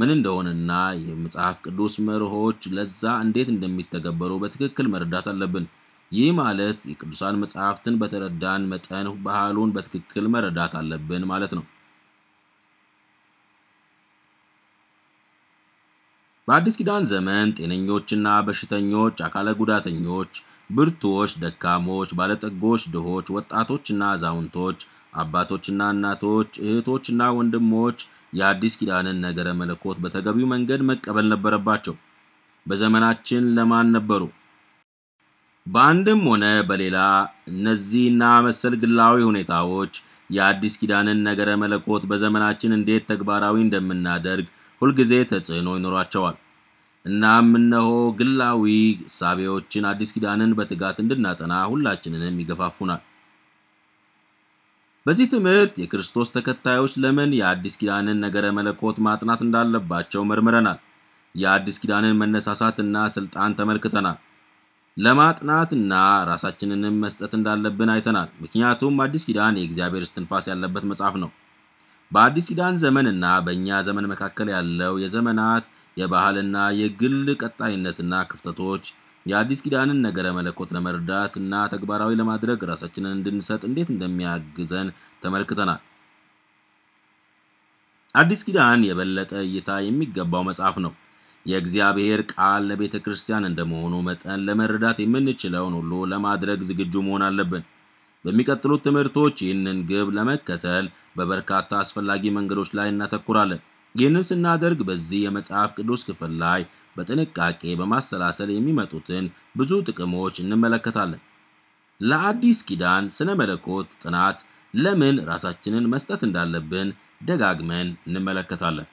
ምን እንደሆነና የመጽሐፍ ቅዱስ መርሆች ለዛ እንዴት እንደሚተገበሩ በትክክል መረዳት አለብን። ይህ ማለት የቅዱሳን መጽሐፍትን በተረዳን መጠን ባህሉን በትክክል መረዳት አለብን ማለት ነው። በአዲስ ኪዳን ዘመን ጤነኞችና በሽተኞች፣ አካለ ጉዳተኞች፣ ብርቱዎች፣ ደካሞች፣ ባለጠጎች፣ ድሆች፣ ወጣቶችና አዛውንቶች፣ አባቶችና እናቶች፣ እህቶችና ወንድሞች የአዲስ ኪዳንን ነገረ መለኮት በተገቢው መንገድ መቀበል ነበረባቸው። በዘመናችን ለማን ነበሩ? በአንድም ሆነ በሌላ እነዚህና መሰል ግላዊ ሁኔታዎች የአዲስ ኪዳንን ነገረ መለኮት በዘመናችን እንዴት ተግባራዊ እንደምናደርግ ሁልጊዜ ተጽዕኖ ይኖሯቸዋል። እናም እነሆ ግላዊ ሳቢዎችን አዲስ ኪዳንን በትጋት እንድናጠና ሁላችንንም ይገፋፉናል። በዚህ ትምህርት የክርስቶስ ተከታዮች ለምን የአዲስ ኪዳንን ነገረ መለኮት ማጥናት እንዳለባቸው መርምረናል። የአዲስ ኪዳንን መነሳሳትና ስልጣን ተመልክተናል። ለማጥናትና ራሳችንንም መስጠት እንዳለብን አይተናል። ምክንያቱም አዲስ ኪዳን የእግዚአብሔር እስትንፋስ ያለበት መጽሐፍ ነው። በአዲስ ኪዳን ዘመንና በእኛ ዘመን መካከል ያለው የዘመናት የባህልና የግል ቀጣይነትና ክፍተቶች የአዲስ ኪዳንን ነገረ መለኮት ለመርዳት እና ተግባራዊ ለማድረግ ራሳችንን እንድንሰጥ እንዴት እንደሚያግዘን ተመልክተናል። አዲስ ኪዳን የበለጠ እይታ የሚገባው መጽሐፍ ነው። የእግዚአብሔር ቃል ለቤተ ክርስቲያን እንደመሆኑ መጠን ለመረዳት የምንችለውን ሁሉ ለማድረግ ዝግጁ መሆን አለብን። በሚቀጥሉት ትምህርቶች ይህንን ግብ ለመከተል በበርካታ አስፈላጊ መንገዶች ላይ እናተኩራለን። ይህንን ስናደርግ በዚህ የመጽሐፍ ቅዱስ ክፍል ላይ በጥንቃቄ በማሰላሰል የሚመጡትን ብዙ ጥቅሞች እንመለከታለን። ለአዲስ ኪዳን ስነ መለኮት ጥናት ለምን ራሳችንን መስጠት እንዳለብን ደጋግመን እንመለከታለን።